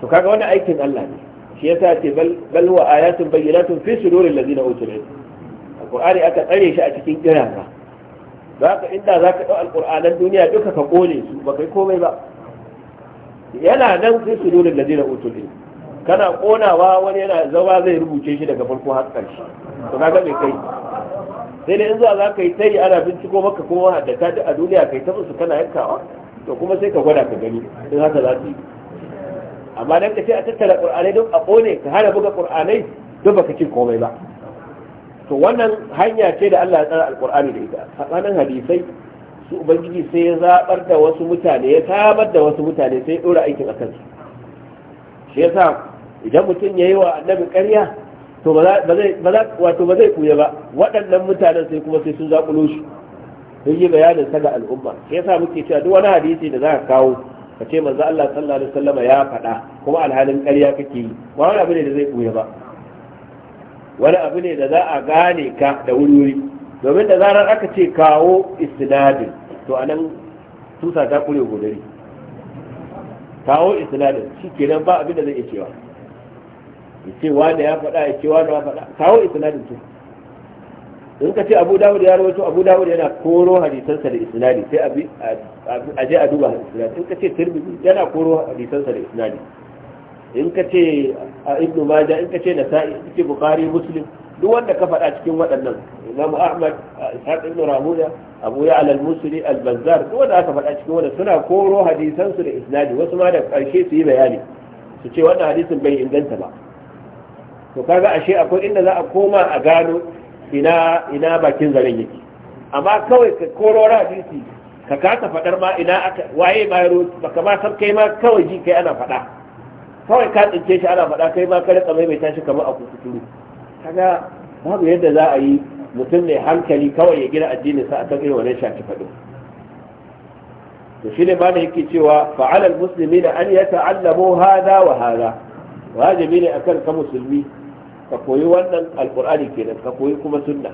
to kaga wannan aikin Allah ne shi yasa ce bal huwa ayatun bayyinatun fi suduril ladina utul ilm alqur'ani aka tsare shi a cikin kirara zaka inda zaka dau alqur'anan duniya duka ka kone su ba kai komai ba yana nan sai su nuna da zina utul ilm kana konawa wani yana zama zai rubuce shi daga farko har ƙarshe to ga bai kai sai dai in zuwa za ka yi tayi ana binciko maka kuma haddata ta a duniya kai ta musu kana yankawa to kuma sai ka gwada ka gani in haka za su yi amma dan ka ce a tattara qur'anai don a kone ka hana buga qur'anai duk baka ce komai ba to wannan hanya ce da Allah ya tsara alqur'ani da ita tsakanin hadisai su ubangiji sai ya zabar da wasu mutane ya samar da wasu mutane sai ya dora aikin a kansu shi yasa idan mutum ya yi wa annabi ƙarya to wato ba zai kuya ba waɗannan mutanen sai kuma sai sun zaƙulo shi sun yi bayanin sa ga al'umma shi yasa muke cewa duk wani hadisi da za ka kawo ka ce manzo Allah sallallahu alaihi wasallam ya faɗa kuma alhalin ƙarya kake yi wani abu ne da zai kuya ba wani abu ne da za a gane ka da wuri wuri domin da zarar aka ce kawo istinadin to a nan tusa ta kure gudari kawo isnadin shi nan ba abin da zai iya cewa ya ce wanda ya faɗa ya ce wanda ya faɗa kawo isnadin su in ka ce abu dawud ya rawaito abu dawud yana koro hadisansa da isnadi sai a je a duba isnadi in ka ce tirmidhi yana koro hadisansa da isnadi in ka ce ibnu majah in ka ce nasa'i in ka ce bukhari muslim duk wanda ka faɗa cikin waɗannan Imam Ahmad Ishaq ibn Rahuya Abu Ya'la al-Musri al-Bazzar duk wanda aka faɗa cikin waɗannan suna koro hadisan su da isnadi wasu ma da ƙarshe su yi bayani su ce wannan hadisin bai inganta ba to kaga ashe akwai inda za a koma a gano ina ina bakin zaren yake amma kawai ka koro hadisi ka kasa faɗar ma ina aka waye ma yaro baka ma san kai ma kawai ji kai ana faɗa kawai ka tsince shi ana faɗa kai ma ka rika maimaita shi kamar a kututuru kaga babu yadda za a yi mutum mai hankali kawai ya gina addinin sa akan irin wannan shafi fado to shine ma da yake cewa fa'ala da an ya yata'allamu hada wa hada wajibi ne akan ka musulmi ka koyi wannan alqur'ani kenan ka koyi kuma sunna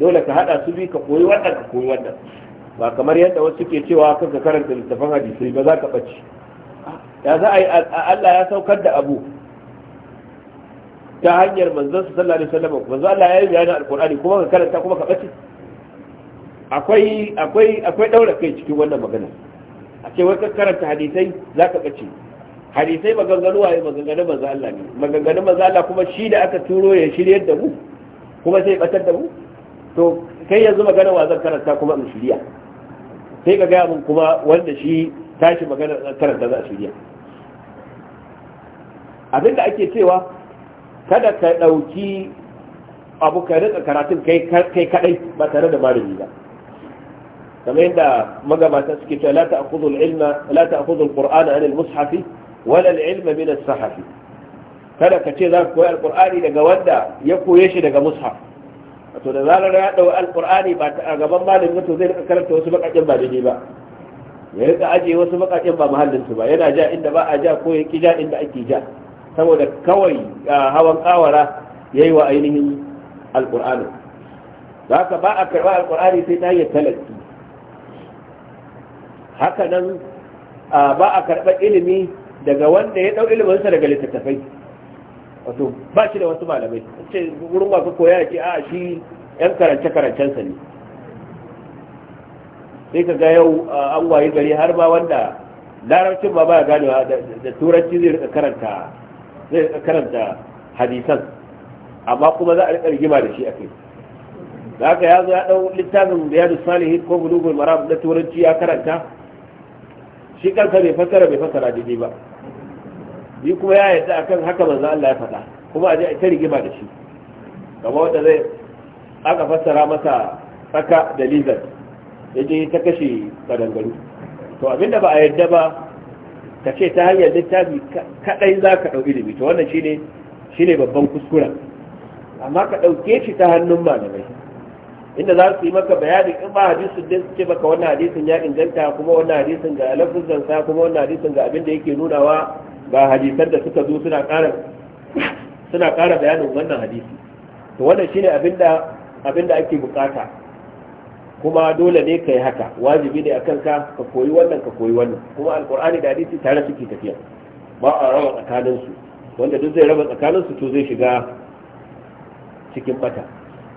dole ka hada su bi ka koyi wannan ka koyi wannan ba kamar yadda wasu ke cewa kan ka karanta littafin hadisi ba za ka bace ya za a yi Allah ya saukar da abu ta hanyar manzon sa sallallahu alaihi wasallam manzo Allah ya yi bayanin alqur'ani kuma ka karanta kuma ka bace akwai akwai akwai daura kai cikin wannan magana a ce wai ka karanta hadisai zaka bace hadisai maganganu waye maganganu manzo Allah ne maganganun manzo Allah kuma shi da aka turo ya shiryar da mu kuma sai batar da mu to kai yanzu magana wa zan karanta kuma in shirya sai ka gaya mun kuma wanda shi tashi magana karanta za a shirya abinda ake cewa kada ka ɗauki abu ka rika karatun kai kadai ba tare da malami ba kamar yadda magabata suke cewa la ta'khudhu al-ilma la ta'khudhu al-qur'ana an al-mushaf wala al-ilma min as-sahaf kada ka ce za ka koyi al daga wanda ya koye shi daga mushaf to da zarar ya dau al-qur'ani ba a gaban malami to zai rika karanta wasu bakakin ba daidai ba ya rika aje wasu bakakin ba mahallin su ba yana ja inda ba a ja ko ya ki ja inda ake ja saboda kawai hawan kawara yi wa ainihin alqur'ani da ka ba a karɓa Alƙur'ani sai ta hanyar talaki haka nan ba a karba ilimi daga wanda ya ɗau ilimin daga littattafai wato ba shi da wasu malamai ce wurin ba ka koya ce a shi yan karance karancensa ne sai ka ga yau an wayi gari har ba wanda larabcin ba ba ganewa da turanci zai rika karanta zai karanta hadisan amma kuma za a riƙa rigima da shi a kai da aka ya ya ɗau littafin da yadda salihin ko bulugul maram na turanci ya karanta shi kansa bai fassara bai fassara daidai ba yi kuma ya yadda a kan haka manzo Allah ya faɗa kuma a je a ta rigima da shi kamar wanda zai aka fassara masa tsaka da lizard ya je ta kashe kadangaru to abinda ba a yadda ba ka ce ta hanyar littafi kadai za ka ɗau ilimi to wannan shi ne babban kuskura amma ka ɗauke shi ta hannun malamai inda za su yi maka bayani in ba hadisin da ce maka wannan hadisin ya inganta kuma wannan hadisin ga lafizan sa kuma wannan hadisin ga abin da yake nunawa ga hadisan da suka zo suna ƙara suna ƙara bayanin wannan hadisi to wannan shine abinda abinda ake bukata kuma dole ne ka yi haka wajibi ne akan ka ka koyi wannan ka koyi wannan kuma alqur'ani da hadisi tare suke tafiya ba a raba tsakanin su wanda duk zai raba tsakanin su to zai shiga cikin bata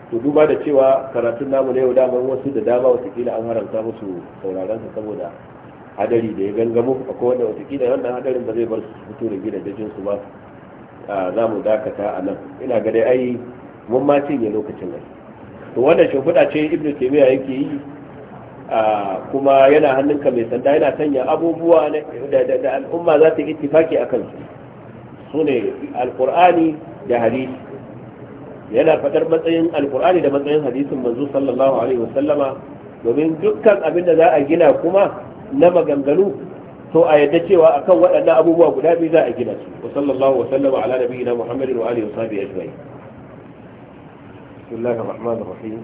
to duba da cewa karatun namu na yau damar wasu da dama watakila an haramta musu sauraron sa saboda hadari da ya gangamo ko wanda watakila wannan hadarin ba zai bar su fito da gidajen su ba za mu dakata a nan ina ga dai ai mun ma cinye lokacin nan to wannan shimfiɗa ce ibnu taymiya yake yi kuma yana hannunka mai sanda yana sanya abubuwa da al'umma za ta yi ittifaki a kansu su ne alkur'ani da hadisi yana faɗar matsayin alkur'ani da matsayin hadisin manzo sallallahu alaihi wasallama domin dukkan abin da za a gina kuma na maganganu to a yadda cewa akan waɗannan abubuwa guda biyu za a gina su wa sallallahu wa sallama ala nabiyina muhammadin wa alihi wa sahbihi ajma'in بسم الله الرحمن الرحيم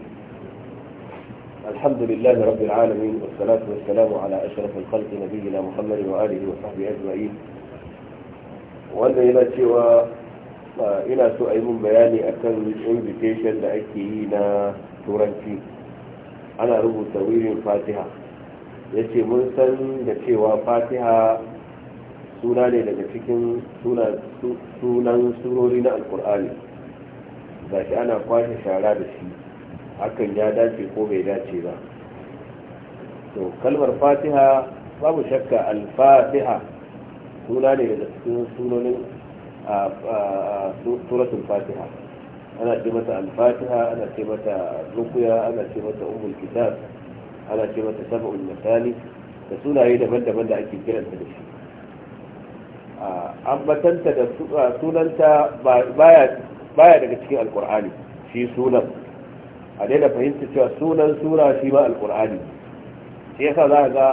الحمد لله رب العالمين والصلاة والسلام على أشرف الخلق نبينا محمد وآله وصحبه أجمعين وأنا سوى إلى سؤال بياني أكثر من إنفيتيشن لأكيينا تركي أنا رب تويل فاتحة يتي منسل يتي وفاتحة سنة لنا سنة سنة سنة سنة القرآن gashi ana kwashe shara da shi hakan ya dace ko bai dace ba to kalmar fatiha babu shakka al-fatiha suna ne daga cikin sunonin suratul fatiha ana ce mata al-fatiha ana ce mata rukuya ana ce mata umul kitab ana ce mata sab'ul masali da sunaye daban-daban da ake kiranta da shi ambatanta da sunanta baya baya daga cikin alkur'ani shi sunan a daina fahimta cewa sunan sura shi ma alkur'ani shi yasa za ga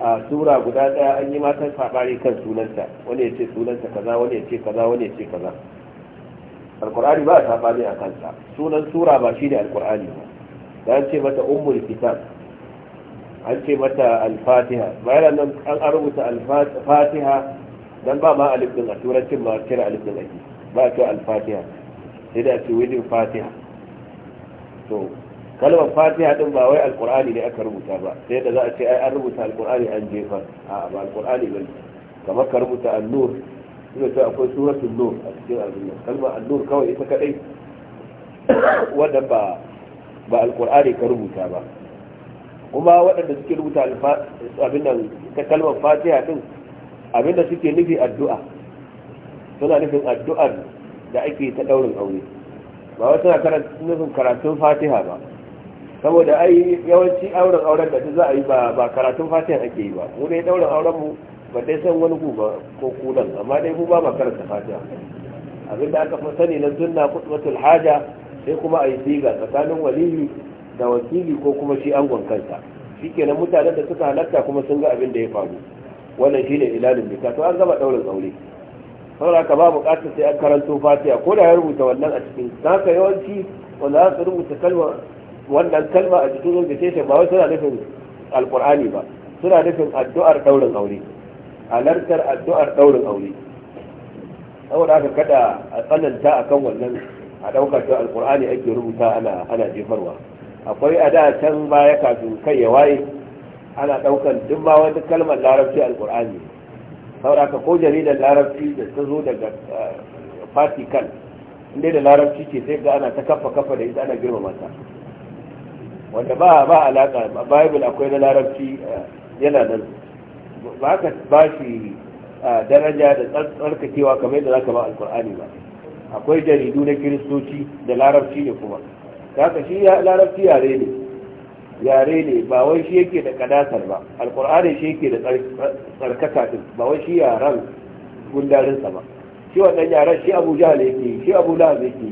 a sura guda daya an yi matan sabari kan sunanta wani ya ce sunanta kaza wani ya ce kaza wani ya ce kaza alkur'ani ba a sabani a kansa sunan sura ba shi ne alkur'ani ba da an ce mata ummul kitab an ce mata alfatiha bayan nan an rubuta alfatiha dan ba ma alifin din a turancin ma kira alifin din ake ba ta al-fatiha sai da ce wajen fatiha to kalmar fatiha din ba wai alkur'ani ne aka rubuta ba sai da za a ce ai an rubuta alkur'ani an jefa a ba alkur'ani ba kamar ka rubuta annur suna ce akwai suratul nur a cikin al'ummar kalmar annur kawai ita kadai wadda ba ba alkur'ani ka rubuta ba kuma waɗanda suke rubuta abin nan ta kalmar fatiha din abin da suke nufi addu'a suna nufin addu'ar da ake ta daurin aure ba wasu na nufin karatun fatiha ba saboda ai yawanci auren auren da za a yi ba karatun fatiha ake yi ba mu dai daurin auren mu ba dai san wani guba ko kudan amma dai mu ba ma karanta fatiha abin da aka fi sani na sunna khutbatul haja sai kuma a yi siga tsakanin waliyi da wakili ko kuma shi angon kansa shikenan mutanen da suka halatta kuma sun ga abin da ya faru wannan shine ilalin bika to an gama daurin aure saboda haka ba bukatar sai an karanto fatiha ko da ya rubuta wannan a cikin haka yawanci wanda za su rubuta kalma wannan kalma a cikin invitation ba wai suna nufin alkur'ani ba suna nufin addu'ar daurin aure halartar addu'ar daurin aure saboda haka kada a tsananta akan wannan a ɗaukar ta alkur'ani ake rubuta ana ana jefarwa akwai a da can baya kafin kai ya waye ana ɗaukar duk ma wani kalmar larabci alkur'ani sauraka ko jaridar larabci da ta zo daga eh, fatikan inda da larabci ce sai ga ana ta kafa kafa da ita ana girma mata wanda ba ba alaka bible akwai na larabci eh, yana nan ba ka ba shi eh, daraja da tsarkakewa kamar yadda zaka ba alkur'ani ba akwai jaridu na kiristoci da larabci ne kuma kaka shi larabci yare ne yare ne ba wai shi yake da kadatar ba alkur'ani shi yake da tsarkaka din ba wai shi yaran gundarinsa ba shi wannan yaran shi abu jahal yake shi abu lahab yake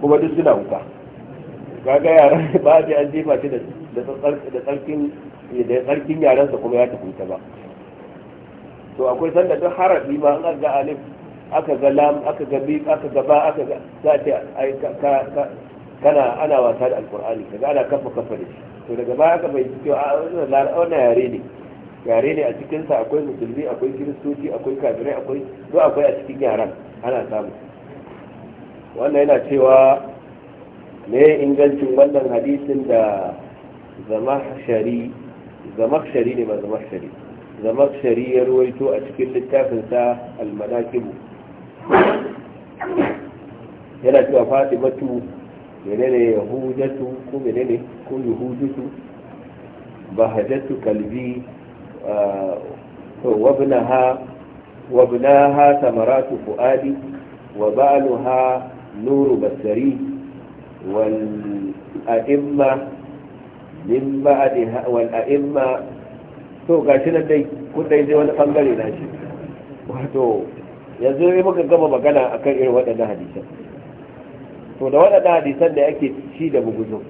kuma duk suna wuka kaga yaran ba a an jefa shi da tsarkin da tsarkin sa kuma ya tafi ta ba to akwai sanda duk harabi ma an ga alif aka ga lam aka ga bi aka ga ba aka ga za ta kana ana wasa da alkur'ani daga ana kafa kafa da shi to daga baya ka bai cewa a ah, wannan yare ne yare ne a cikinsa akwai musulmi akwai kiristoci akwai kafirai akwai duk akwai a cikin yaran ana samu wannan yana cewa me ingancin wannan hadisin da zamakshari zamakshari ne ba zamakshari zamakshari ya ruwaito a cikin littafin al almanakibu yana cewa fatimatu menene yahudatu ko menene ko yahudutu bahajatu kalbi وابنها وابناها ثمرات فؤادي وبعلها نور بصري والأئمة من بعدها a'imma. to ga shi nan dai kun dai zai wani bangare na shi wato yanzu ne muka gama magana akan irin waɗannan hadisan to da waɗanda hadisan da yake ci da buguzo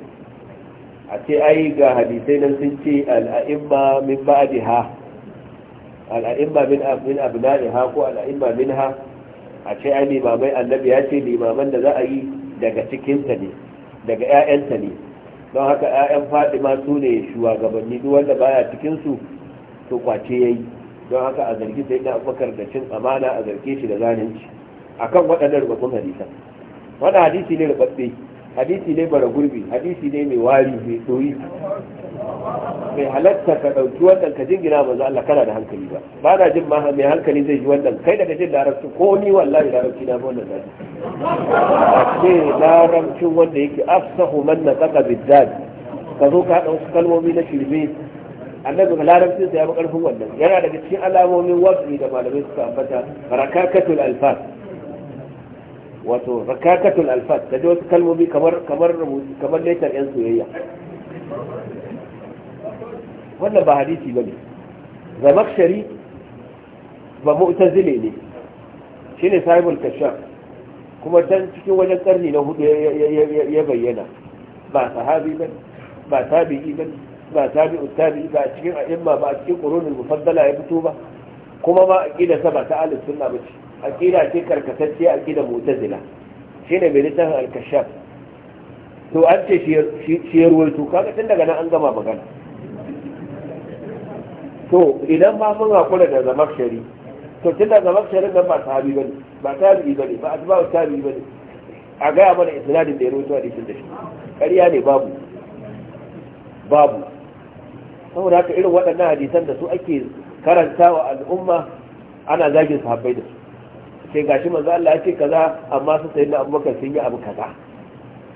a ce ai ga hadisai nan sun ce al'a'imma min ha al'a'imma min min ha ko al'a'imma ha a ce ai limamai annabi ya ce limaman da za a yi daga cikinsa ne daga ƴaƴanta ne don haka ƴaƴan ma su ne shugabanni duk wanda baya cikin su to kwace ya yi don haka a zargi sai na bakar da cin amana a zarge shi da zalunci akan waɗannan rubutun hadisan wani hadisi ne rubatse hadisi ne bara gurbi hadisi ne mai wari mai tsoyi mai halatta ka ɗauki wannan ka jingina manzo Allah kana da hankali ba ba na jin ma mai hankali zai ji wannan kai daga jin larabci ko ni wallahi larabci na ba wannan zaki a ce larabcin wanda yake afsahu man saka bidad ka zo ka ɗauki kalmomi na shirme annabi larabcin sa ya fi ƙarfin wannan yana daga cikin alamomin wasu da malamai suka ambata barakatul alfas wato zakakatul alfat da wasu kalmomi kamar kamar rubutu letar yan soyayya wannan ba hadisi ba bane zamakshari ba mu'tazile ne shine sahibul kashaf kuma dan cikin wajen karni na hudu ya bayyana ba sahabi ba ba tabi'i ba ba tabi'u tabi'i ba cikin a'imma ba cikin qurunul mufaddala ya fito ba kuma ma aqida sa ba ta alif sunna ba ce aqida ce karkatacce aqida mu'tazila shine mai littafin al-kashaf to an ce shi ya ruwaito kaga tun daga nan an gama magana to idan ma mun hakura da zamar shari to tun da zamar shari nan ba sahabi bane ba tabi'i bane ba atba'u tabi'i bane a gaya mana isnadin da ya ruwaito hadisin da shi ƙarya ne babu babu saboda haka irin waɗannan hadisan da su ake karantawa al'umma ana zagin sahabbai da su ce gashi manzo Allah ya kaza amma su sai na abubakar sun yi abu kaza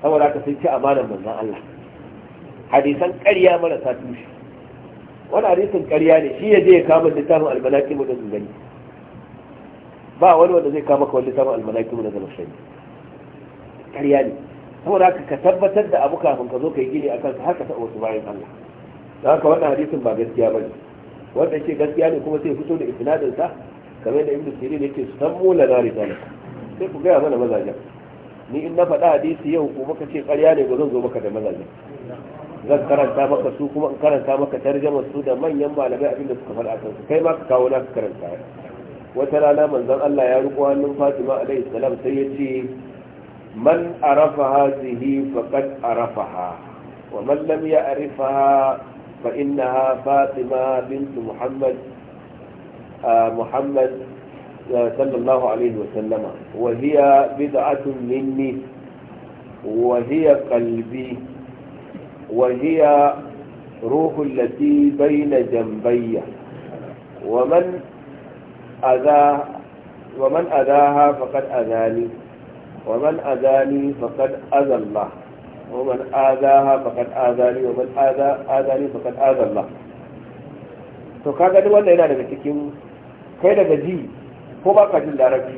saboda haka sun ci amanar manzon Allah hadisan ƙarya marasa tushe wani hadisan ƙarya ne shi ya je ya kama littafin almanaki mu da gani ba wani wanda zai kama kawai littafin almanaki mu da zama shani ƙarya ne saboda haka ka tabbatar da abu kafin ka zo ka yi gini akan ka haka ta wasu bayan Allah don haka wannan hadisin ba gaskiya ba ne wanda ce gaskiya ne kuma sai fito da isnadin kamar da ibnu sirin yake sammu lana rijalaka sai ku gaya mana mazajen ni in na faɗa hadisi yau ko maka ce ƙarya ne ba zan zo maka da mazajen zan karanta maka su kuma in karanta maka tarjama su da manyan malamai abin da suka faɗa kansu kai ma ka kawo na ka karanta wata rana manzon Allah ya ruku hannun Fatima alaihi salam sai ya ce man arafa hazihi faqad arafaha wa man lam ya'rifaha fa innaha Fatima bint Muhammad آه، محمد آه، صلى الله عليه وسلم وهي بدعة مني وهي قلبي وهي روح التي بين جنبي ومن أذاها ومن أذاها فقد أذاني ومن أذاني فقد أذى الله ومن آذاها فقد آذاني ومن آذى آذاني فقد آذى الله تو كذا duk wanda yana kai daga ji ko ba ka jin larabci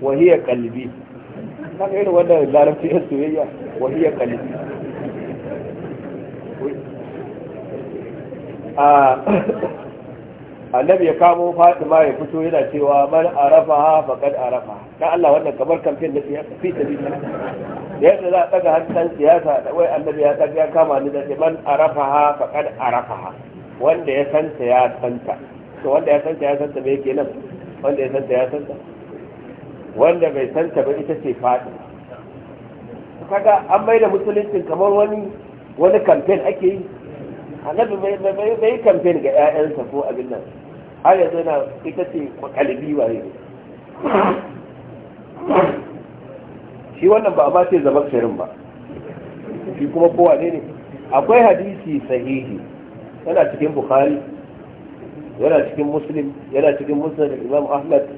wahiyar kalbi na ga irin wannan larabci ya soyayya wahiyar kalbi a annabi ya kamo fatima ya fito yana cewa man arafa faqad arafa na Allah wannan kamar kamfen da siyasa fi biyu da yadda za a ɗaga hannun siyasa da wai annabi ya daga ya kama ni da man arafa faqad arafa wanda ya san ya to wanda ya santa ya santa me nan, wanda ya santa ya santa wanda bai santa ba ita ce fadi kaga an bai da musulunci kamar wani wani campaign ake yi annabi bai yi campaign ga 'ya'yansa ko abin nan har yanzu na ita ce kwakalibi waye shi wannan ba a ma ce zabar shirin ba shi kuma kowa ne ne akwai hadisi sahihi yana cikin bukhari yana cikin muslim yana cikin musnad imam ahmad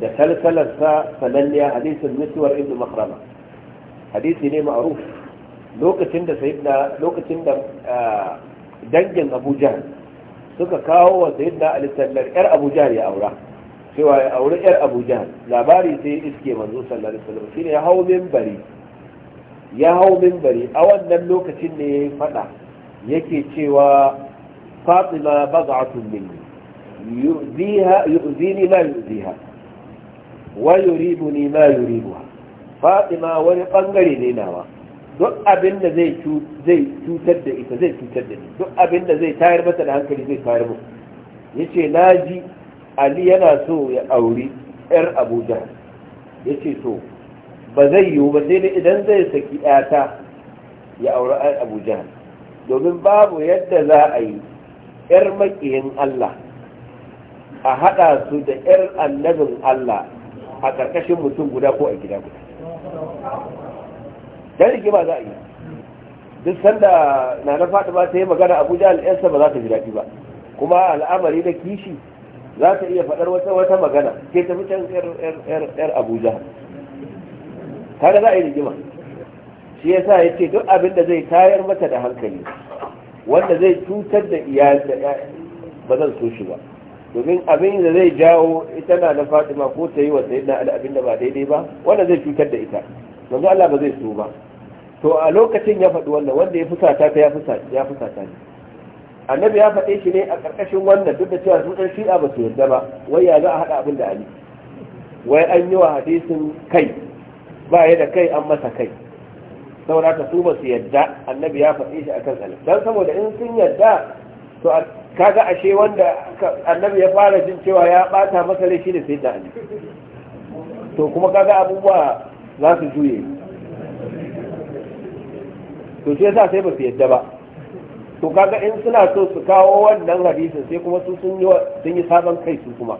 da kalkalarsa sananniya hadisin mutuwar ibnu makrama hadisi ne ma'ruf lokacin da sayyidina lokacin da dangin abu jahal suka kawo wa sayyidina ali sallar yar abu jahal ya aura cewa ya aure yar abu jahal labari sai iske manzo sallallahu alaihi wasallam shine ya hawo minbari ya hawo minbari a wannan lokacin ne ya faɗa yake cewa فاطمة بضعة مني يؤذيها يؤذيني ما يؤذيها ويريبني ما يريبها فاطمة ونقنقري ليناوا duk abin zai cutar da ita zai cutar da ni duk abin zai tayar mata da hankali zai tayar mu yace na ji ali yana so ya auri yar abuja yace to ba zai yiwu ba sai dai idan zai saki yata ya auri abuja domin babu yadda za a yi 'yar makiyin Allah a haɗa su da 'yar annabin Allah a ƙarƙashin mutum guda ko a gida guda dan ba za a yi duk sanda na na fatima ta yi magana abuja al’ensa ba za ta ji daɗi ba kuma al'amari na kishi za ta iya faɗar wata wata magana ke tafi can yar abuja kada za a yi rigima shi ya sa ya ce duk abin da zai tayar mata da hankali wanda zai cutar da iyalinta ba zan so shi ba domin abin da zai jawo ita na na fatima ko ta yi wa sayyidina ali abin da ba daidai ba wanda zai cutar da ita yanzu Allah ba zai so ba to a lokacin ya faɗi wannan wanda ya fusata ta ya fusata ya fusata ne annabi ya faɗe shi ne a ƙarƙashin wannan duk da cewa su ɗan shi'a ba su yarda ba wai ya za a haɗa abin da ali wai an yi wa hadisin kai ba ya da kai an masa kai saboda ta su ba su yadda annabi ya faɗi shi kan alif don saboda in sun yadda to kaga ashe wanda annabi ya fara jin cewa ya bata masa rai da sai da to kuma kaga abubuwa za su juye to sai sa sai ba su yadda ba to kaga in suna so su kawo wannan hadisin sai kuma su sun yi sabon kai su kuma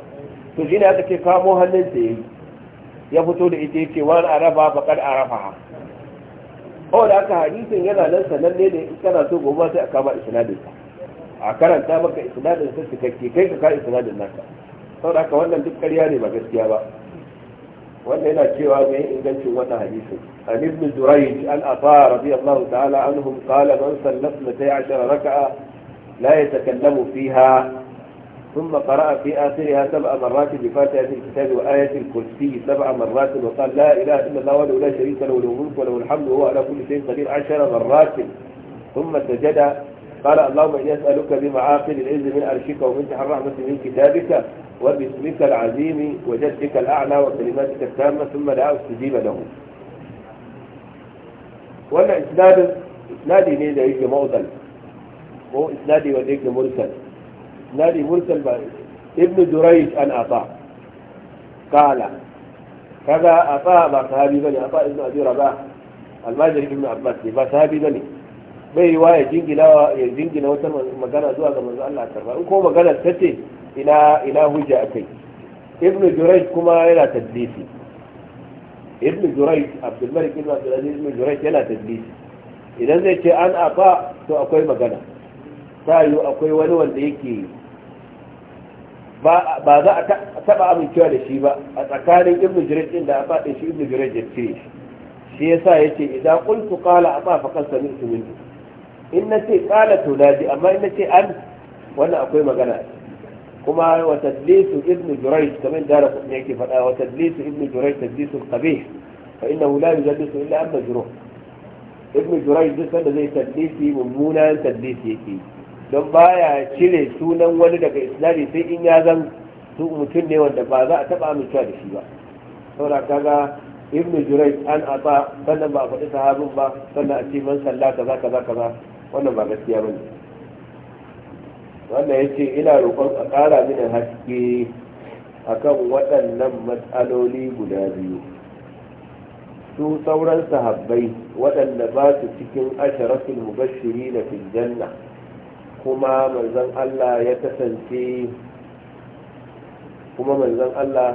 to ne aka ce kamo hannun ta ya fito da ita ce wani araba kada arafa. o aka hadisin yana nan sananne ne in kana so gobe sai a kama isnadin a karanta maka isnadin sa cikakke kai ka ka isnadin naka da haka wannan duk ƙarya ne ba gaskiya ba wanda yana cewa mai ingancin wannan hadisin an ibn zurayj an afa radiyallahu ta'ala anhum qala man sallat 12 raka'a la yatakallamu fiha ثم قرأ في آخرها سبع مرات بفاتحة الكتاب وآية الكرسي سبع مرات وقال لا إله إلا الله وله لا شريك له له الملك وله الحمد وهو على كل شيء قدير عشر مرات ثم سجد قال اللهم إني أسألك بمعاقل العز من أرشك ومنتح الرحمة من كتابك وباسمك العظيم وجدك الأعلى وكلماتك التامة ثم دعا استجيب له ولا إسناد إسنادي ليه ده موضل هو إسنادي وده مرسل isnadi mursal ba ibn jurayj an ata qala kaga ata ba sahabi bane ata ibn abi rabah almajiri ibn abbas ba sahabi bane bai yiwa ya jingina ya jingina wata magana zuwa ga manzo Allah karba in ko magana tace ina ina hujja akai ibn jurayj kuma yana tadlisi ibn jurayj abdul malik ibn abdul aziz ibn jurayj yana tadlisi idan zai ce an afa to akwai magana ta yiwu akwai wani wanda yake ba za a taba amincewa da shi ba a tsakanin ibn jiraj din da a faɗin shi ibn jiraj ya cire shi shi yasa yace idan qultu qala ata fa qad sami'tu minhu in nace qala to naji amma in ce an wannan akwai magana kuma wa tadlisu ibn jiraj kamar da rakun yake faɗa wa tadlisu ibn jiraj tadlisu qabih fa innahu la yujaddisu illa an jiru ibn jiraj duk sanda zai tadlisi mummunan tadlisi yake yi don baya cire sunan wani daga islami sai in ya zan su mutum ne wanda ba za a taba amincewa da shi ba saboda kaga ibn jurai an aba sannan ba a faɗi sahabin ba sannan a ce man salla kaza kaza kaza wannan ba gaskiya ba ne wannan ya ce ina roƙon a ƙara mini haske akan waɗannan matsaloli guda biyu su sauran sahabbai waɗanda ba su cikin asharatul mubashiri na fil janna kuma manzan Allah ya kasance kuma manzan Allah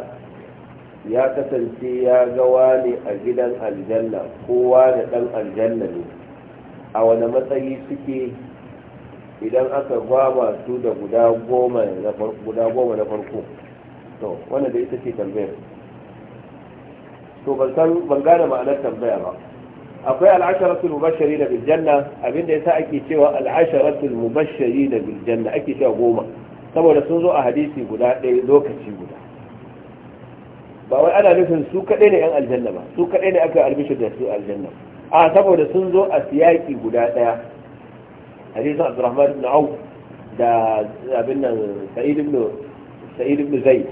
ya kasance ya gawa ne a gidan aljanna kowa da ɗan aljanna ne a wani matsayi suke idan aka gwaba su da guda goma na farko to wanda da ita ce tambayar to ban gane ma'anar tambaya ba akwai al'asharatul mubashshari da biljanna abinda sa ake cewa al'asharatul mubashshari da biljanna ake cewa goma saboda sun zo a hadisi guda ɗaya lokaci guda ba wai ana nufin su kaɗai ne yan aljanna ba su kaɗai ne aka albishir da su aljanna a saboda sun zo a siyaki guda ɗaya hadisin abdurrahman ibn auf da abin nan sa'id ibn sa'id ibn zaid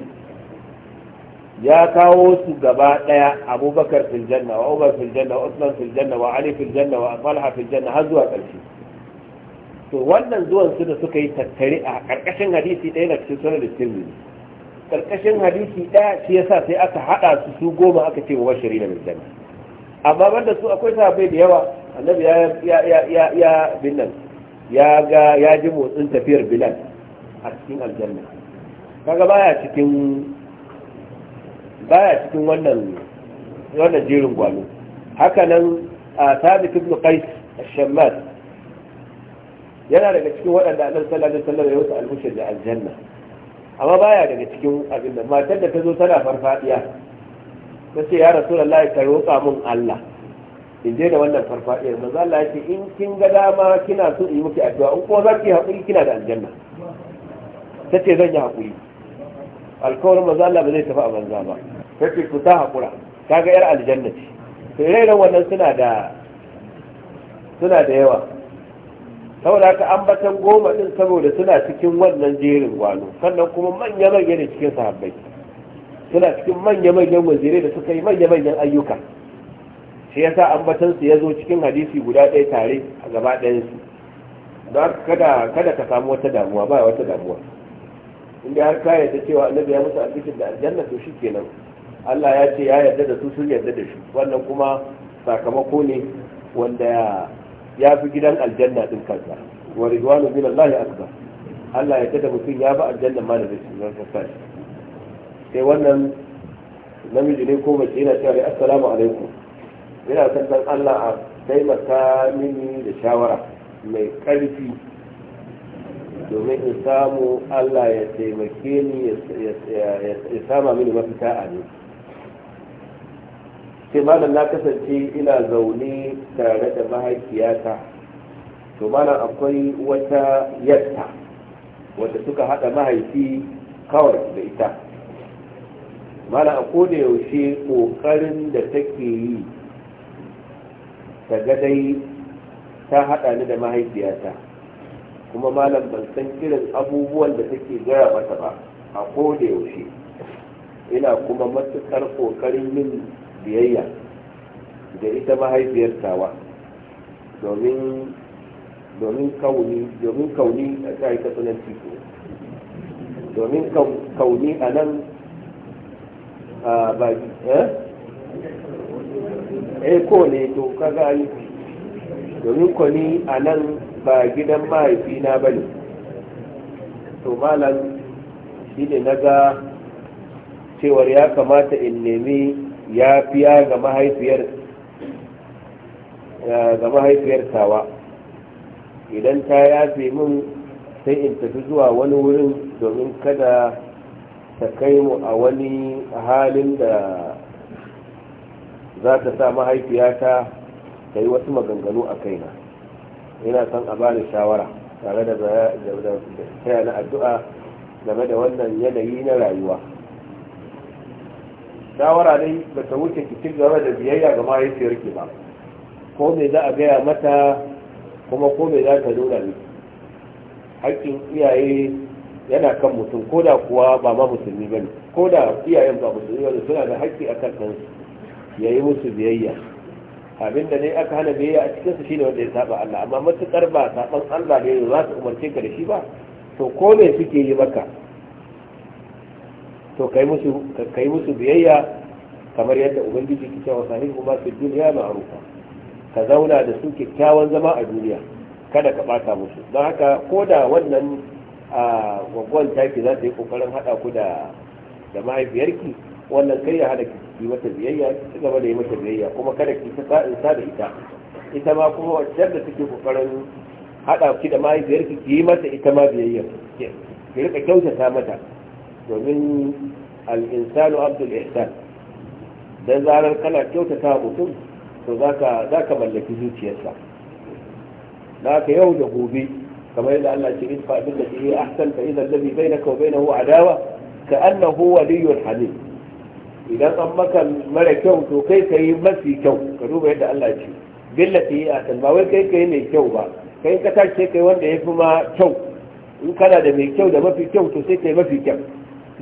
ya kawo su gaba daya abubakar fil janna wa umar fil janna wa usman fil janna wa ali fil janna wa talha fil janna har zuwa karshe to wannan zuwan su da suka yi tattare a karkashin hadisi ɗaya na cikin sunan tirmidhi karkashin hadisi ɗaya shi yasa sai aka hada su su goma aka ce wa bashiri da janna amma banda su akwai sahabbai da yawa annabi ya ya ya ya binnan ya ga ya ji motsin tafiyar bilal a cikin aljanna kaga baya cikin baya cikin wannan wannan jirin gwano haka nan a thabit ibn qais ash shammat yana daga cikin waɗanda annabi sallallahu alaihi wasallam ya wuce al da aljanna amma baya daga cikin abin da matar da ta zo tana farfadiya ta ce ya rasulullahi ka roƙa mun Allah in je da wannan farfadiyar manzo Allah ya ce in kin ga dama kina so in yi miki addu'a in ko za ki haƙuri kina da aljanna ta ce zan yi haƙuri alkawarin manzo Allah ba zai tafi a banza ba ta ce ku ta haƙura ta ga yar aljanna ce to irin wannan suna da suna da yawa saboda haka ambatan goma din saboda suna cikin wannan jerin gwano sannan kuma manya-manya ne cikin sahabbai suna cikin manya-manyan wazirai da suka yi manya-manyan ayyuka shi yasa ambatan su ya zo cikin hadisi guda ɗaya tare a gaba su don kada kada ka samu wata damuwa ba wata damuwa inda har ka cewa annabi ya musu albishin da aljanna to kenan Allah ya ce ya yarda da su sun yarda da shi wannan kuma sakamako ne wanda ya fi gidan aljanna din kansa wa ridwanu min Allah akbar Allah ya tada mutum ya ba aljanna ma da shi nan sai sai wannan namiji ne ko mace yana cewa assalamu alaikum ina san dan Allah a taimaka mini da shawara mai karfi domin in samu Allah ya taimake ni ya sama mini mafita a ne sai malam na kasance ina zaune tare da mahaifiyata to malam akwai wata yatta wanda suka haɗa mahaifi kawai da ita malam a koda yaushe kokarin da take yi ta dai ta haɗa ni da mahaifiyata kuma malam ban san irin abubuwan da take gaya mata ba a koda yaushe ina kuma matukar kokarin yin biyayya da ita mahaifiyar tawa domin kauni domin kauni a kai ta sunan tiko domin kauni a nan a baki eh eh ko ne to kaga ai domin kauni a nan ba gidan mahaifina na bane to malam shi ne na ga cewar ya kamata in nemi ya fiya ga mahaifiyar ga tawa idan ta yafe min sai in tafi zuwa wani wurin domin kada ta kai mu a wani halin da za ta sa mahaifiyata ta yi wasu maganganu a kaina yana son a bani shawara tare da taya na addu'a game da wannan yanayi na rayuwa shawara ne ba ta wuce ki ci gaba da biyayya ga mahaifiyar ki ba ko me za a gaya mata kuma ko me za ta nuna ne haƙƙin iyaye yana kan mutum ko da kuwa ba ma musulmi ba ne ko da iyayen ba musulmi ba ne suna da haƙƙi a kan kansu ya yi musu biyayya abin da ne aka hana biyayya a cikinsu shine wanda ya saba Allah amma matukar ba saban Allah ne za su umarce ka da shi ba to ko me suke yi maka to kai musu kai musu biyayya kamar yadda ubangiji ke cewa sanin kuma su duniya ma'rufa ka zauna da su kyakkyawan zama a duniya kada ka bata musu don haka ko da wannan gwaggon taki za ta yi kokarin hada ku da da mahaifiyarki wannan kai ya hada ki mata biyayya ki ci gaba da yi mata biyayya kuma kada ki ta sa da ita ita ma kuma wacce da take kokarin hada ki da mahaifiyarki ki yi mata ita ma biyayya ki rika kyautata mata domin al'insanu abdul ihsan don zarar kana kyautata mutum to za ka mallaki zuciyarsa za ka yau da gobe kamar yadda Allah ce idfa bil lati hi ahsan fa bai na kawai na huwa adawa ka annahu waliyyun hamid idan an maka mara kyau to kai ka yi mafi kyau ka duba yadda Allah ce billa lati yi ahsan ba wai kai ka yi mai kyau ba kai ka tace kai wanda ya fi ma kyau in kana da mai kyau da mafi kyau to sai ka yi mafi kyau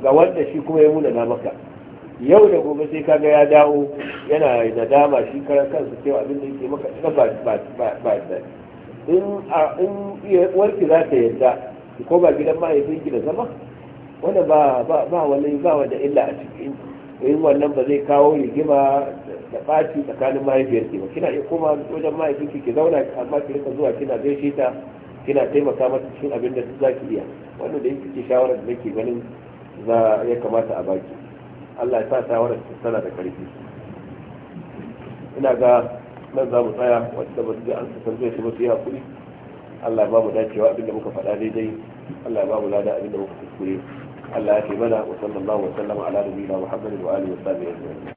ga wanda shi kuma ya muna munana maka yau da gobe sai kaga ya dawo yana da dama shi karan kansa cewa abin da yake maka na ba ba ba in in warki za ta yadda ko ba gidan mahaifinki da zama wanda ba ba ba wani ba wanda illa a cikin in wannan ba zai kawo rigima da ɓaci tsakanin mahaifiyarki ba kina iya koma wajen mahaifinki ki zauna amma ki rika zuwa kina gaishe ta kina taimaka mata cikin abin da za ki iya wannan da yake shawarar da nake ganin za ya kamata a baki Allah ya sa shawarar tana da karfi ina ga nan za mu tsaya wanda ba su ji an san zai su ba su yi hakuri Allah ba mu dacewa abin abinda muka faɗa daidai Allah ba mu lada abin abinda muka kuskure Allah ya ke mana wa sallallahu wa sallama ala nabiyina Muhammadin wa alihi wa sahbihi